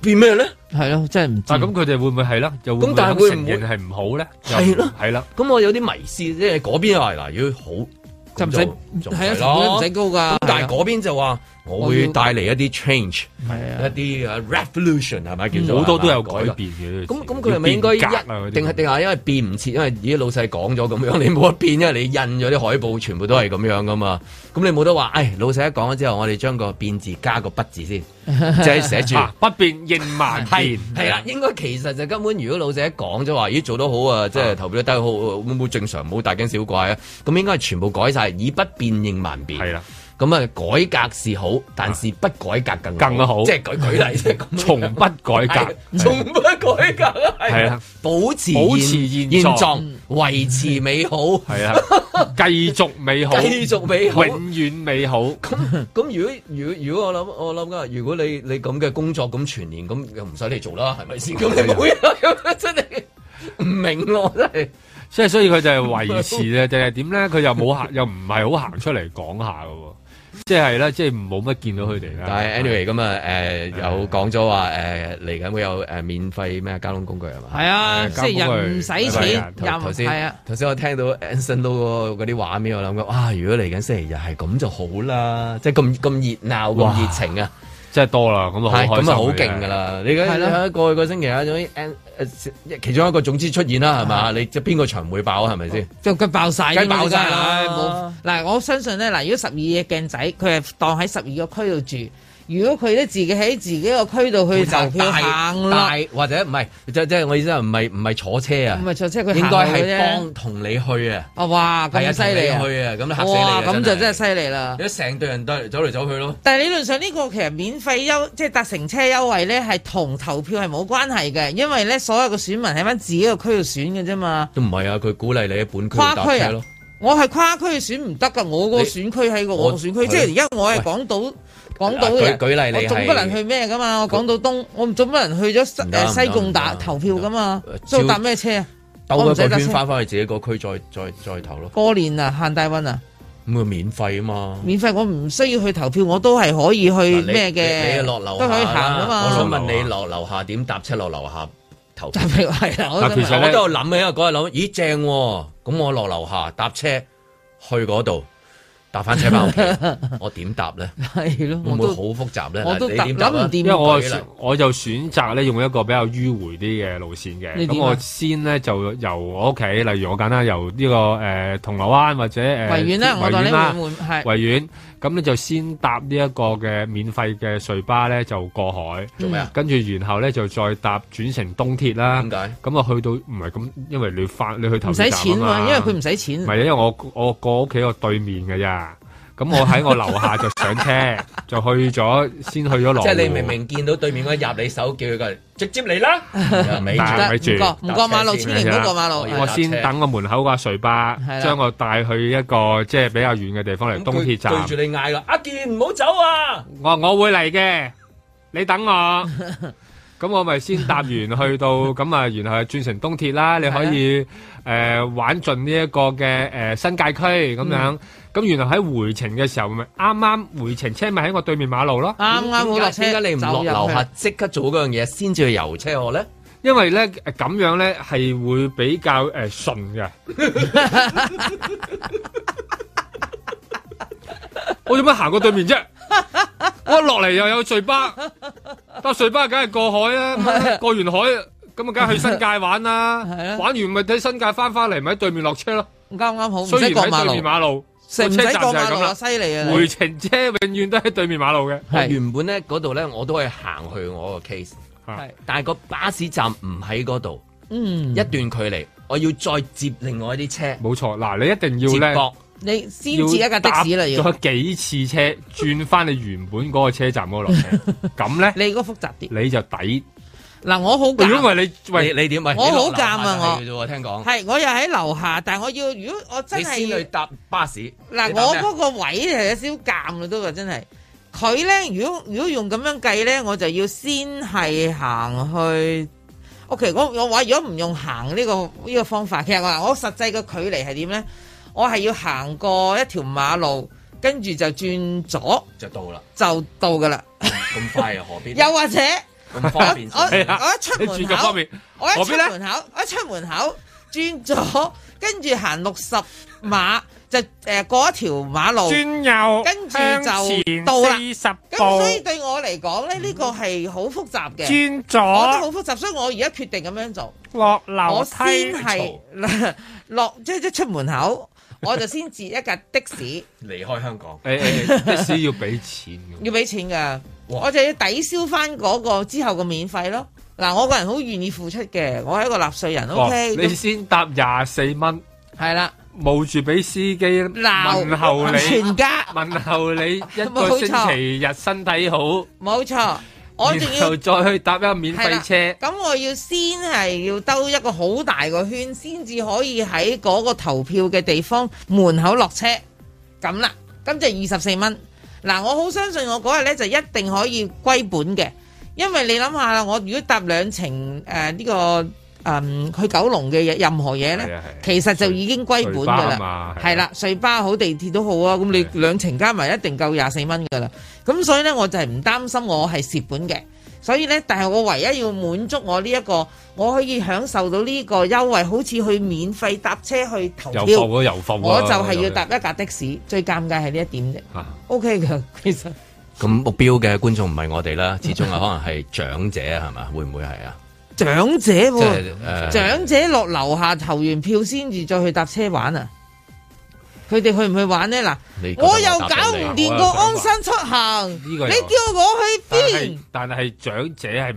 變咩咧？係咯？真係唔知。咁，佢哋會唔會係啦？又咁，但係會唔會係唔好咧？係咯的，係啦。咁的我有啲迷思，即係嗰邊話嗱，如果好。就唔使，係啊，唔使高㗎。但係嗰邊就話，我會帶嚟一啲 change，係啊，一啲 revolution 係咪叫？好多都有改變嘅。咁咁佢咪應該一，定係定係因為變唔切，因為而家老細講咗咁樣，你冇得變，因為你印咗啲海報全部都係咁樣㗎嘛。咁你冇得話，誒老細一講咗之後，我哋將個變字加個不字先，即係寫住不變應萬變。係啦，應該其實就根本如果老細一講咗話，咦做得好啊，即係投票得好好，正常？冇大驚小怪啊。咁應該係全部改晒。以不變應萬變，係啦。咁啊，改革是好，但是不改革更更好。即係舉舉例，即係咁。從不改革，從不改革啊，係啊，保持保持現狀，維持美好，係啊，繼續美好，繼續美好，永遠美好。咁咁，如果如如果我諗，我諗噶，如果你你咁嘅工作咁全年咁，又唔使你做啦，係咪先？咁你唔明咯，真係。即係所以佢就係維持咧，定係點咧？佢又冇行，又唔係好行出嚟講下嘅喎。即係咧，即係冇乜見到佢哋啦。但係 anyway 咁啊，誒有講咗話誒嚟緊會有誒免費咩交通工具係嘛？係啊，即係唔使錢。頭頭先我聽到 Anson 嗰啲畫面，我諗緊啊，如果嚟緊星期日係咁就好啦，即係咁咁熱鬧咁熱情啊！真係多啦，咁都好開心嘅。係咁啊，好勁噶啦！你梗係啦，過去個星期啊，總之誒其中一個總之出現啦，係嘛？你即係邊個場會爆？係咪先？即係佢爆曬，爆晒啦！冇嗱，我相信咧嗱，如果十二隻鏡仔，佢係當喺十二個區度住。如果佢咧自己喺自己個區度去投票行咯，或者唔係，即即係我意思啊，唔係唔係坐車啊，唔係坐車，佢應該係幫同你去啊！哇，咁犀利啊！去啊，咁吓死你！咁就真係犀利啦！一成隊人都走嚟走去咯。但係理論上呢個其實免費優即係搭乘車優惠咧，係同投票係冇關係嘅，因為咧所有嘅選民喺翻自己個區度選嘅啫嘛。都唔係啊，佢鼓勵你喺本區跨區啊！我係跨區選唔得噶，我個選區喺個我選區，即係而家我係講到。講到我總不能去咩噶嘛？我講到東，我總不能去咗西？西貢打投票噶嘛？所以搭咩車啊？我再翻翻去自己個區，再再再投咯。過年啊，限大運啊，咁啊免費啊嘛。免費我唔需要去投票，我都係可以去咩嘅？都可以行啊嘛。我想問你落樓下點搭車落樓下投票？係啦，我都喺度諗，喺度講喺度諗，咦正？咁我落樓下搭車去嗰度。搭翻車翻屋企， 我點搭咧？係咯 都，會唔會好複雜咧？我都諗唔掂，因為我我就選擇咧用一個比較迂回啲嘅路線嘅。咁、啊、我先咧就由我屋企，例如我簡單由呢、這個誒銅鑼灣或者誒、呃、維園啦，我代你換換係維園。咁你就先搭呢一個嘅免費嘅隧巴咧，就過海。做咩啊？跟住然後咧就再搭轉乘東鐵啦。點解？咁啊去到唔係咁，因為你翻你去頭站。唔使錢喎，因為佢唔使錢。唔係啊，因為我我過屋企個對面㗎咋。咁 我喺我樓下就上車，就去咗，先去咗羅湖。 即係你明明見到對面嗰入你手叫佢，嚟，直接嚟啦，唔住唔住，唔過馬路，千年都過馬路。我，我先等個門口個隧巴，將 的我帶去一個即係比較遠嘅地方嚟，東鐵站對住你嗌個阿健唔好走啊！我我會嚟嘅，你等我。 咁 我咪先搭完去到咁啊，然後轉乘東鐵啦。你可以誒、呃、玩盡呢一個嘅誒、呃、新界區咁樣。咁、嗯、原來喺回程嘅時候，咪啱啱回程車咪喺我對面馬路咯。啱啱好落車，你唔落樓下，即刻做嗰樣嘢，先至去游車河咧。因為咧咁樣咧係會比較誒順嘅。我做乜行過對面啫？ 我落嚟又有隧巴。搭水巴梗係過海啊，過完海咁啊，梗係去新界玩啦。玩完咪睇新界翻翻嚟，咪喺對面落車咯。啱啱好？雖然喺對面馬路，個車站就係咁犀利啊！回程車永遠都喺對面馬路嘅。原本咧嗰度咧，我都係行去我個 case，係，但係個巴士站唔喺嗰度，嗯，一段距離，我要再接另外一啲車。冇錯，嗱，你一定要咧。你先至一架的士嚟，要搭幾次車轉翻你原本嗰個車站嗰度？咁咧，你嗰個複雜啲，你就抵嗱。我好如果唔係你，喂你點？我好尷啊！我聽講係，我又喺樓下，但係我要如果我真係去搭巴士嗱。我嗰個位係有少尷啊，都啊真係佢咧。如果如果用咁樣計咧，我就要先係行去 OK，我我話如果唔用行呢個呢個方法，其實我我實際嘅距離係點咧？我係要行過一條馬路，跟住就轉左就到啦，就到噶啦。咁快啊，何必？又或者，咁方便。我我一出門口，我一出門口，我一出門口轉左，跟住行六十碼，就誒過一條馬路，轉右，跟住就到啦，十步。所以對我嚟講咧，呢個係好複雜嘅，轉左，我都好複雜，所以我而家決定咁樣做。落樓梯，我先係落，即係一出門口。我就先截一架的士，離開香港。誒誒、欸，欸、 的士要俾錢，要俾錢噶。哇我就要抵消翻嗰個之後嘅免費咯。嗱，我個人好願意付出嘅，我係一個納稅人。哇 O okay , K，你先搭廿四蚊，係啦了，冒住俾司機罵問候你全家， 問候你一個星期日身體好。冇錯。我仲要再去搭一個免費車，咁我要先係要兜一個好大個圈，先至可以喺嗰個投票嘅地方門口落車，咁啦，咁就二十四蚊。嗱，我好相信我嗰日呢就一定可以歸本嘅，因為你諗下，我如果搭兩程誒呢個誒、呃、去九龍嘅任何嘢呢，是是其實就已經歸本噶啦，係啦，隧巴好，地鐵都好啊，咁你兩程加埋一定夠廿四蚊噶啦。咁所以咧，我就係唔擔心我係蝕本嘅，所以咧，但係我唯一要滿足我呢、這、一個，我可以享受到呢個優惠，好似去免費搭車去投票，我就係要搭一架的士。的最尷尬係呢一點啫。O K 噶，其實咁目標嘅觀眾唔係我哋啦，始終 啊，可能係長者係嘛，會唔會係啊？長者喎，長者落樓下投完票先至再去搭車玩啊！佢哋去唔去玩咧？嗱、啊，我,我又搞唔掂個安心出行，你叫我去邊？但係長者係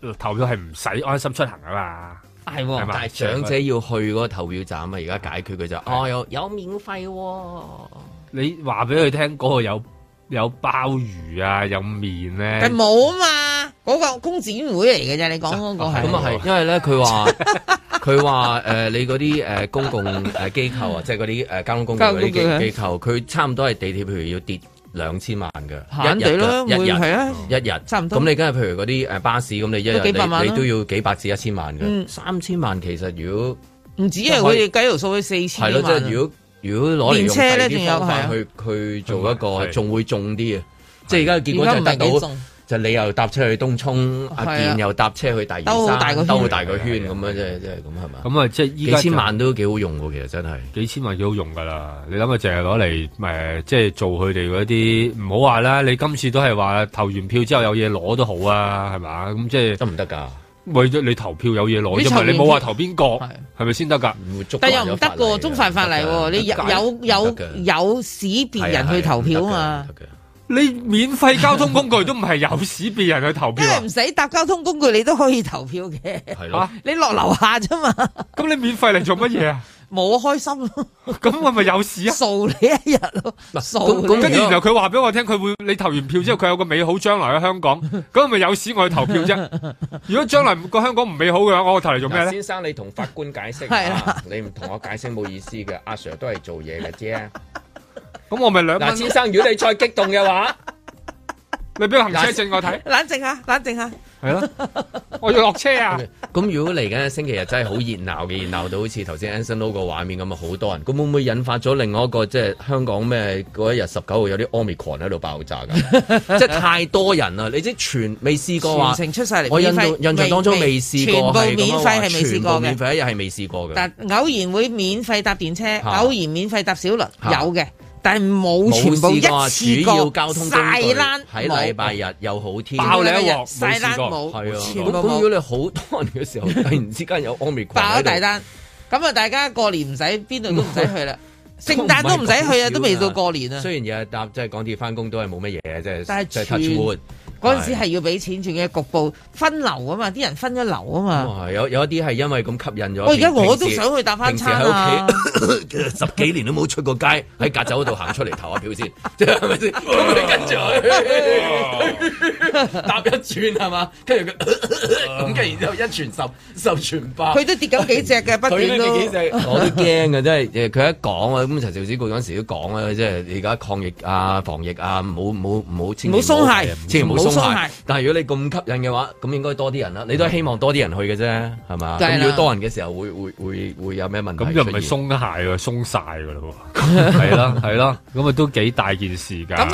唔投票係唔使安心出行啊嘛？係、啊，但係、哦、吧決長者要去嗰個投票站啊，而家解決佢就的哦有有免費、哦，你話俾佢聽嗰個有有鮑魚啊，有麵咧、啊，冇啊嘛，嗰、那個工展會嚟嘅啫，你講嗰個係咁啊係，因為咧佢話。 佢話誒，你嗰啲誒公共誒機構啊，即係嗰啲誒交通工具、交通機構，佢差唔多係地鐵，譬如要跌兩千萬嘅，人哋咯，一日係啊，一日差唔多。咁你梗係譬如嗰啲誒巴士，咁你一日你都要幾百至一千萬嘅，三千萬其實如果唔止係，我哋計條數去四千。係咯，即係如果如果攞嚟用啲方法去去做一個，仲會重啲啊。即係而家結果就係得個。就你又搭車去東涌，阿健又搭車去大嶼山，兜好大個圈，咁樣！真係係咁係嘛？咁啊，即係依家幾千萬都幾好用喎，其實真係幾千萬幾好用噶啦！你諗下淨係攞嚟誒，即係做佢哋嗰啲唔好話啦。你今次都係話投完票之後有嘢攞都好啊，係嘛？咁即係得唔得㗎？為咗你投票有嘢攞啫嘛，你冇話投邊個係咪先得㗎？但又唔得個中犯法嚟喎，你有有有使別人去投票嘛？你免費交通工具都唔係有使畀人去投票，啊，因為唔使搭交通工具你都可以投票嘅，嚇！你落樓下啫嘛。咁你免費嚟做乜嘢啊？冇，開心咯。咁我咪有使啊？掃你一日咯，掃你。跟住然後佢話俾我聽，佢會你投完票之後，佢有個美好將來喺香港。咁咪有使我去投票啫？ 如果將來個香港唔美好嘅話，我投嚟做咩咧？先生，你同法官解釋啊！ 是的笑你唔同我解釋冇意思嘅，阿、啊、Sir 都係做嘢嘅啫。 咁我咪兩嗱，先生，如果你再激動嘅話，你俾行車證我睇。冷靜下，冷靜下。係咯，我要落車啊！咁如果嚟緊星期日真係好熱鬧嘅，熱鬧到好似頭先 Anson 個畫面咁啊，好多人。咁會唔會引發咗另外一個即係香港咩嗰一日十九號有啲 Omicron 喺度爆炸噶？即係太多人啦！你即係全未試過，全程出晒嚟。我印印象當中未試過係咁樣。全部免費係未試過嘅，免費一日係未試過嘅。但偶然會免費搭電車，偶然免費搭小輪，有嘅。但係冇全部一次過，細粒喺禮拜日又好天爆兩鑊，冇冇。公交你好多嘅時候，突然之間有 Omega 爆咗大單，咁啊大家過年唔使邊度都唔使去啦，聖誕都唔使去啊，都未到過年啊。雖然日日搭即係港鐵翻工都係冇乜嘢，即係即係 touch wood 嗰陣時係要俾錢，仲嘅局部分流啊嘛，啲人分咗流啊嘛。有有一啲係因為咁吸引咗。喂，而家我都想去搭翻車，喺屋企，十幾年都冇出過街，喺格走嗰度行出嚟投下票先，即係咪先？跟住搭一轉係嘛？跟住咁，跟住然之後一傳十，十傳百。佢都跌緊幾隻嘅不斷咯。我都驚嘅真係，佢一講啊，咁陳肇始過嗰時都講啊，即係而家抗疫啊、防疫啊，冇冇冇清。冇鬆懈，千祈冇鬆。但係如果你咁吸引嘅話，咁應該多啲人啦。你都希望多啲人去嘅啫，係嘛？咁如果多人嘅時候，會會會會有咩問題？咁就唔係鬆鞋喎，鬆曬㗎咯，係啦係啦。咁啊都幾大件事㗎。咁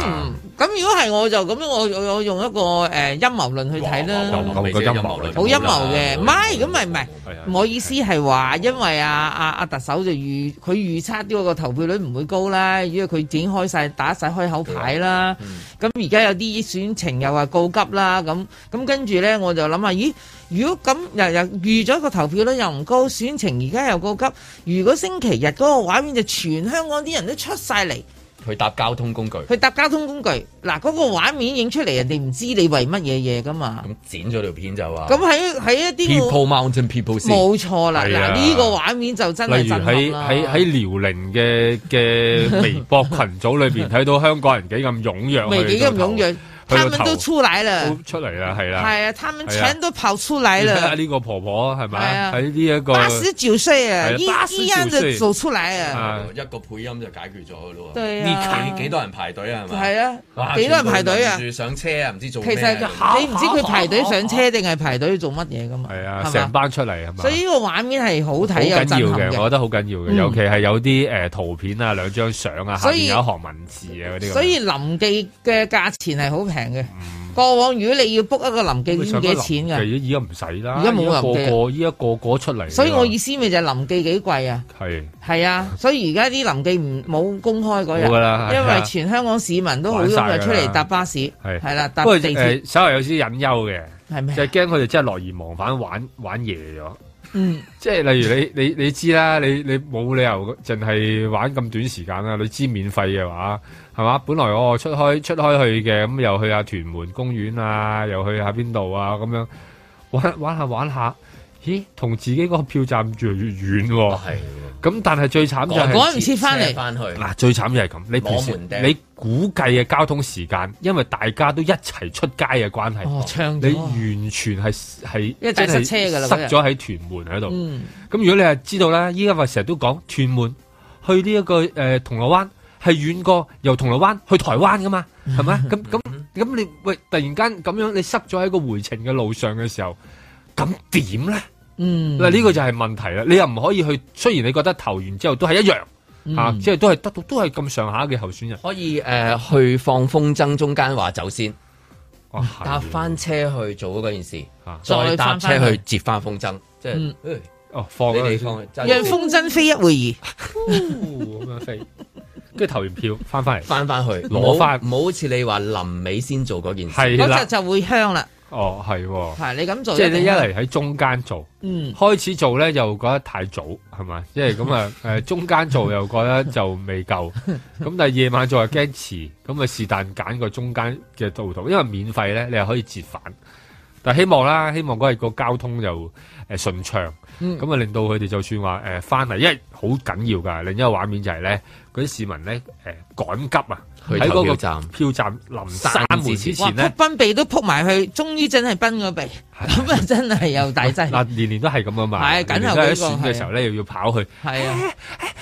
咁如果係我就咁樣，我我用一個誒陰謀論去睇啦。好陰謀嘅，唔係咁，唔係唔係。我意思係話，因為啊啊啊特首就預佢預測啲嗰個投票率唔會高啦，如果佢展開晒，打晒開口牌啦。咁而家有啲選情又話，告急啦，咁咁跟住咧，我就諗下，咦？如果咁日日預咗個投票率又唔高，選情而家又告急。如果星期日嗰個畫面就全香港啲人都出晒嚟，去搭交通工具，去搭交通工具，嗱嗰、那個畫面影出嚟，人哋唔知你為乜嘢嘢噶嘛？咁、嗯、剪咗條片就話，咁喺喺一啲、那個、People Mountain People 冇錯啦，嗱呢、啊這個畫面就真係震撼啦，例如喺喺喺遼寧嘅嘅微博群組裏邊睇到香港人幾咁踴躍，幾咁 踴躍。他們都出嚟了，出嚟啦，係啦，係啊，他們全都跑出嚟了。睇下呢個婆婆係咪？喺呢一個八十九歲啊，一一就做出嚟啊，一個配音就解決咗噶咯。對啊，幾多人排隊啊？係嘛？係啊，幾多人排隊啊？上車啊，唔知做咩？其實你唔知佢排隊上車定係排隊做乜嘢噶嘛？係啊，成班出嚟啊嘛。所以呢個畫面係好睇，有震撼嘅。我覺得好緊要嘅，尤其係有啲誒圖片啊，兩張相啊，下面有一行文字啊啲。所以臨記嘅價錢係好平。平嘅，嗯、過往如果你要 book 一個臨記，要幾錢㗎？而家而家唔使啦，而家冇臨記個個依一個一個，一個出嚟。所以我意思咪就係臨記幾貴啊？係係是啊，所以而家啲臨記唔冇公開嗰樣，因為全香港市民都好踴躍出嚟搭巴士，係啦搭地鐵，稍為、呃、有少隱憂嘅，就係驚佢哋真係樂而忘返玩，玩玩夜咗。嗯，即係例如你你你知啦，你你冇理由淨係玩咁短時間啊，你知免費嘅話係嘛，本來我出開出開去嘅，咁又去下屯門公園啊，又去下邊度啊，咁樣玩玩下玩下。咦，同自己嗰個票站越嚟越遠喎。係。咁但係最慘就係，趕唔切翻嚟。翻去。嗱，最慘就係咁，你你估計嘅交通時間，因為大家都一齊出街嘅關係，你完全係係即塞車嘅啦，塞咗喺屯門喺度。嗯。咁如果你係知道咧，依家話成日都講屯門去呢一個誒銅鑼灣係遠過由銅鑼灣去台灣㗎嘛，係咪？咁咁咁你喂，突然間咁樣你塞咗喺個回程嘅路上嘅時候。咁點咧？嗱，呢個就係問題啦。你又唔可以去，雖然你覺得投完之後都係一樣，啊，即係都係得到，都係咁上下嘅候選人，可以誒去放風箏中間話走先，搭翻車去做嗰件事，再搭車去接翻風箏，即係哦放啊，你放，讓風箏飛一會兒，咁樣飛，跟住投完票翻翻嚟，翻翻去，攞翻，唔好好似你話臨尾先做嗰件事，係啦，就會香啦。哦，係，係你咁做，即係你一嚟喺中間做，嗯，開始做咧又覺得太早，係咪？即係咁啊，誒、 呃，中間做又覺得就未夠，咁 但係夜晚做又驚遲，咁啊是但揀個中間嘅道路，因為免費咧，你又可以折返，但係希望啦，希望嗰日個交通又誒順暢，咁啊、嗯、令到佢哋就算話誒翻嚟，因為好緊要噶，另一個畫面就係咧嗰啲市民咧誒、呃、趕急啊！喺嗰個站，票站臨閂門之前咧，撲崩鼻都撲埋去，終於真係崩個鼻，咁啊真係又大劑。嗱，年年都係咁噶嘛，係，梗係喺選嘅時候咧，又要跑去。係啊，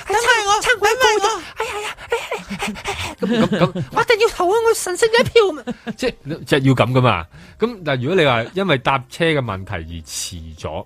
等我，等我，哎呀呀，咁咁咁，我一定要投我個神聖嘅票。即係即係要咁噶嘛？咁嗱，如果你話因為搭車嘅問題而遲咗，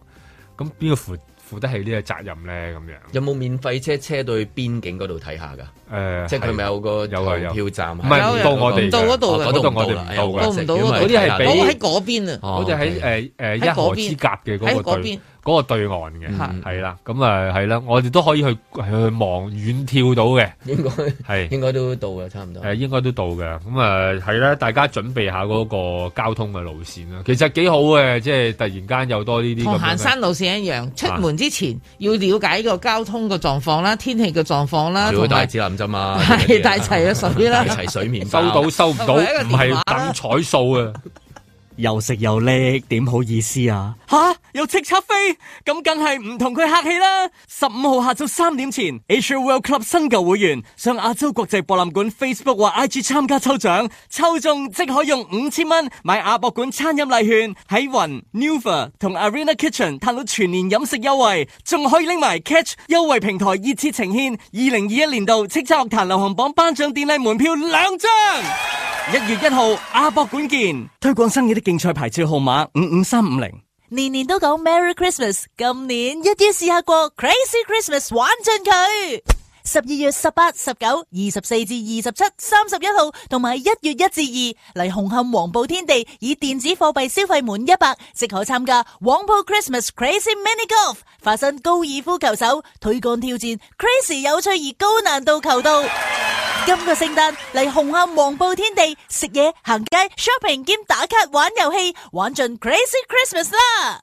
咁邊個負？負得起呢個責任咧，咁樣有冇免費車車到去邊境嗰度睇下㗎？誒，即係佢咪有個有票站？唔係到我哋，到嗰度，嗰度我哋唔到嘅，過唔到嗰啲係俾喺嗰邊啊，我就喺誒誒一河之隔嘅嗰嗰個對岸嘅，係啦，嗯，咁啊係啦，我哋都可以去去望遠眺到嘅，應該係應該都到嘅，差唔多，係應該都到嘅，咁啊係啦，大家準備下嗰個交通嘅路線啦，其實幾好嘅，即係突然間有多呢啲同行山路線一樣，出門之前，啊，要了解個交通嘅狀況啦，天氣嘅狀況啦，都帶指南啫嘛，係帶，帶齊水啦，帶齊水面，收到收唔到，唔係等彩數嘅。 又食又叻，點好意思啊？吓，又叱咤飛，咁梗係唔同佢客氣啦！十五號下晝三點前，AsiaWorld Club 新舊會員上亞洲國際博覽館 Facebook 或 IG 參加抽獎，抽中即可用五千蚊買亞博館餐飲禮券，喺雲 Newer 同 Arena Kitchen 探到全年飲食優惠，仲可以拎埋 Catch 優惠平台熱切呈獻二零二一年度叱咤樂壇流行榜頒獎典禮門票兩張。一月一號，阿博管健推廣生意的競賽牌照號碼五五三五零，年年都講 Merry Christmas，今年一定要試下過 Crazy Christmas 玩盡佢。十二月十八、十九、二十四至二十七、三十一號，同埋一月一至二，嚟紅磡黃埔天地以電子貨幣消費滿一百，即可參加黃埔 Christmas Crazy Mini Golf，化身高爾夫球手推杆挑戰 Crazy 有趣而高難度球道。今個聖誕嚟紅磡黃埔天地食嘢、行街、shopping 兼打卡、玩遊戲，玩盡 Crazy Christmas 啦！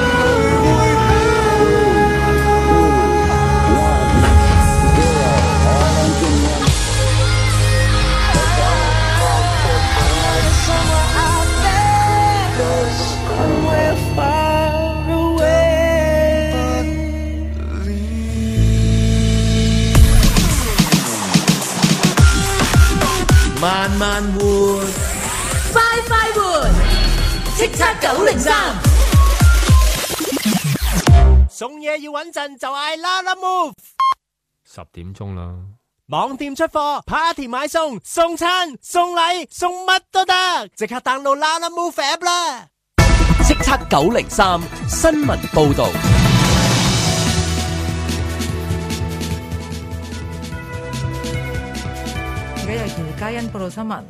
慢慢活，快快活，叱咤九零三，送嘢要穩陣就嗌啦啦 move。十點鐘啦，網店出貨，party 買餸，送餐送禮送乜都得，即刻 download 啦啦 move app 啦。叱咤九零三新聞報道。你又點？嘉欣報道新聞，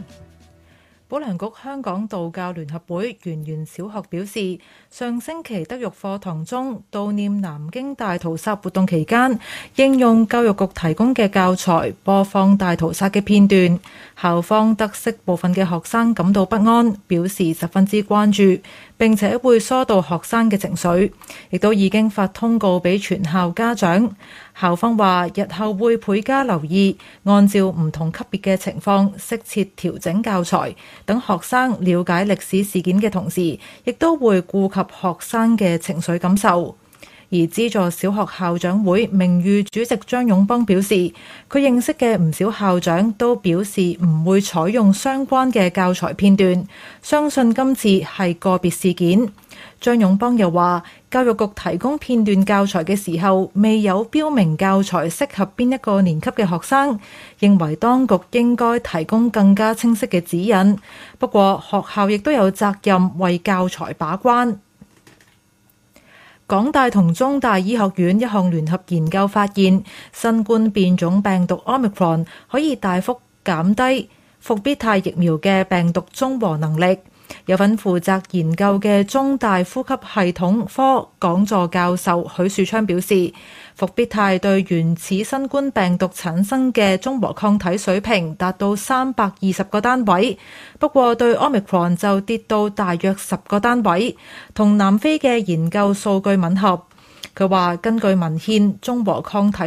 保良局香港道教聯合會圓玄小學表示，上星期德育課堂中悼念南京大屠殺活動期間，應用教育局提供嘅教材播放大屠殺嘅片段。校方得悉部分嘅學生感到不安，表示十分之關注，並且會疏導學生嘅情緒，亦都已經發通告俾全校家長。校方話，日後會倍加留意，按照唔同級別嘅情況適切調整教材，等學生了解歷史事件嘅同時，亦都會顧及學生嘅情緒感受。而資助小學校長會名譽主席張勇邦表示，佢認識嘅唔少校長都表示唔會採用相關嘅教材片段，相信今次係個別事件。張勇邦又話，教育局提供片段教材嘅時候，未有標明教材適合邊一個年級嘅學生，認為當局應該提供更加清晰嘅指引。不過，學校亦都有責任為教材把關。港大同中大醫學院一項聯合研究發現，新冠變種病毒 Omicron 可以大幅減低復必泰疫苗嘅病毒中和能力。有份負責研究嘅中大呼吸系統科講座教授許樹昌表示。復必泰對原始新冠病毒產生嘅中和抗體水平達到三百二十個單位，不過對 Omicron 就跌到大約十個單位，同南非嘅研究數據吻合。佢話根據文獻，中和抗體。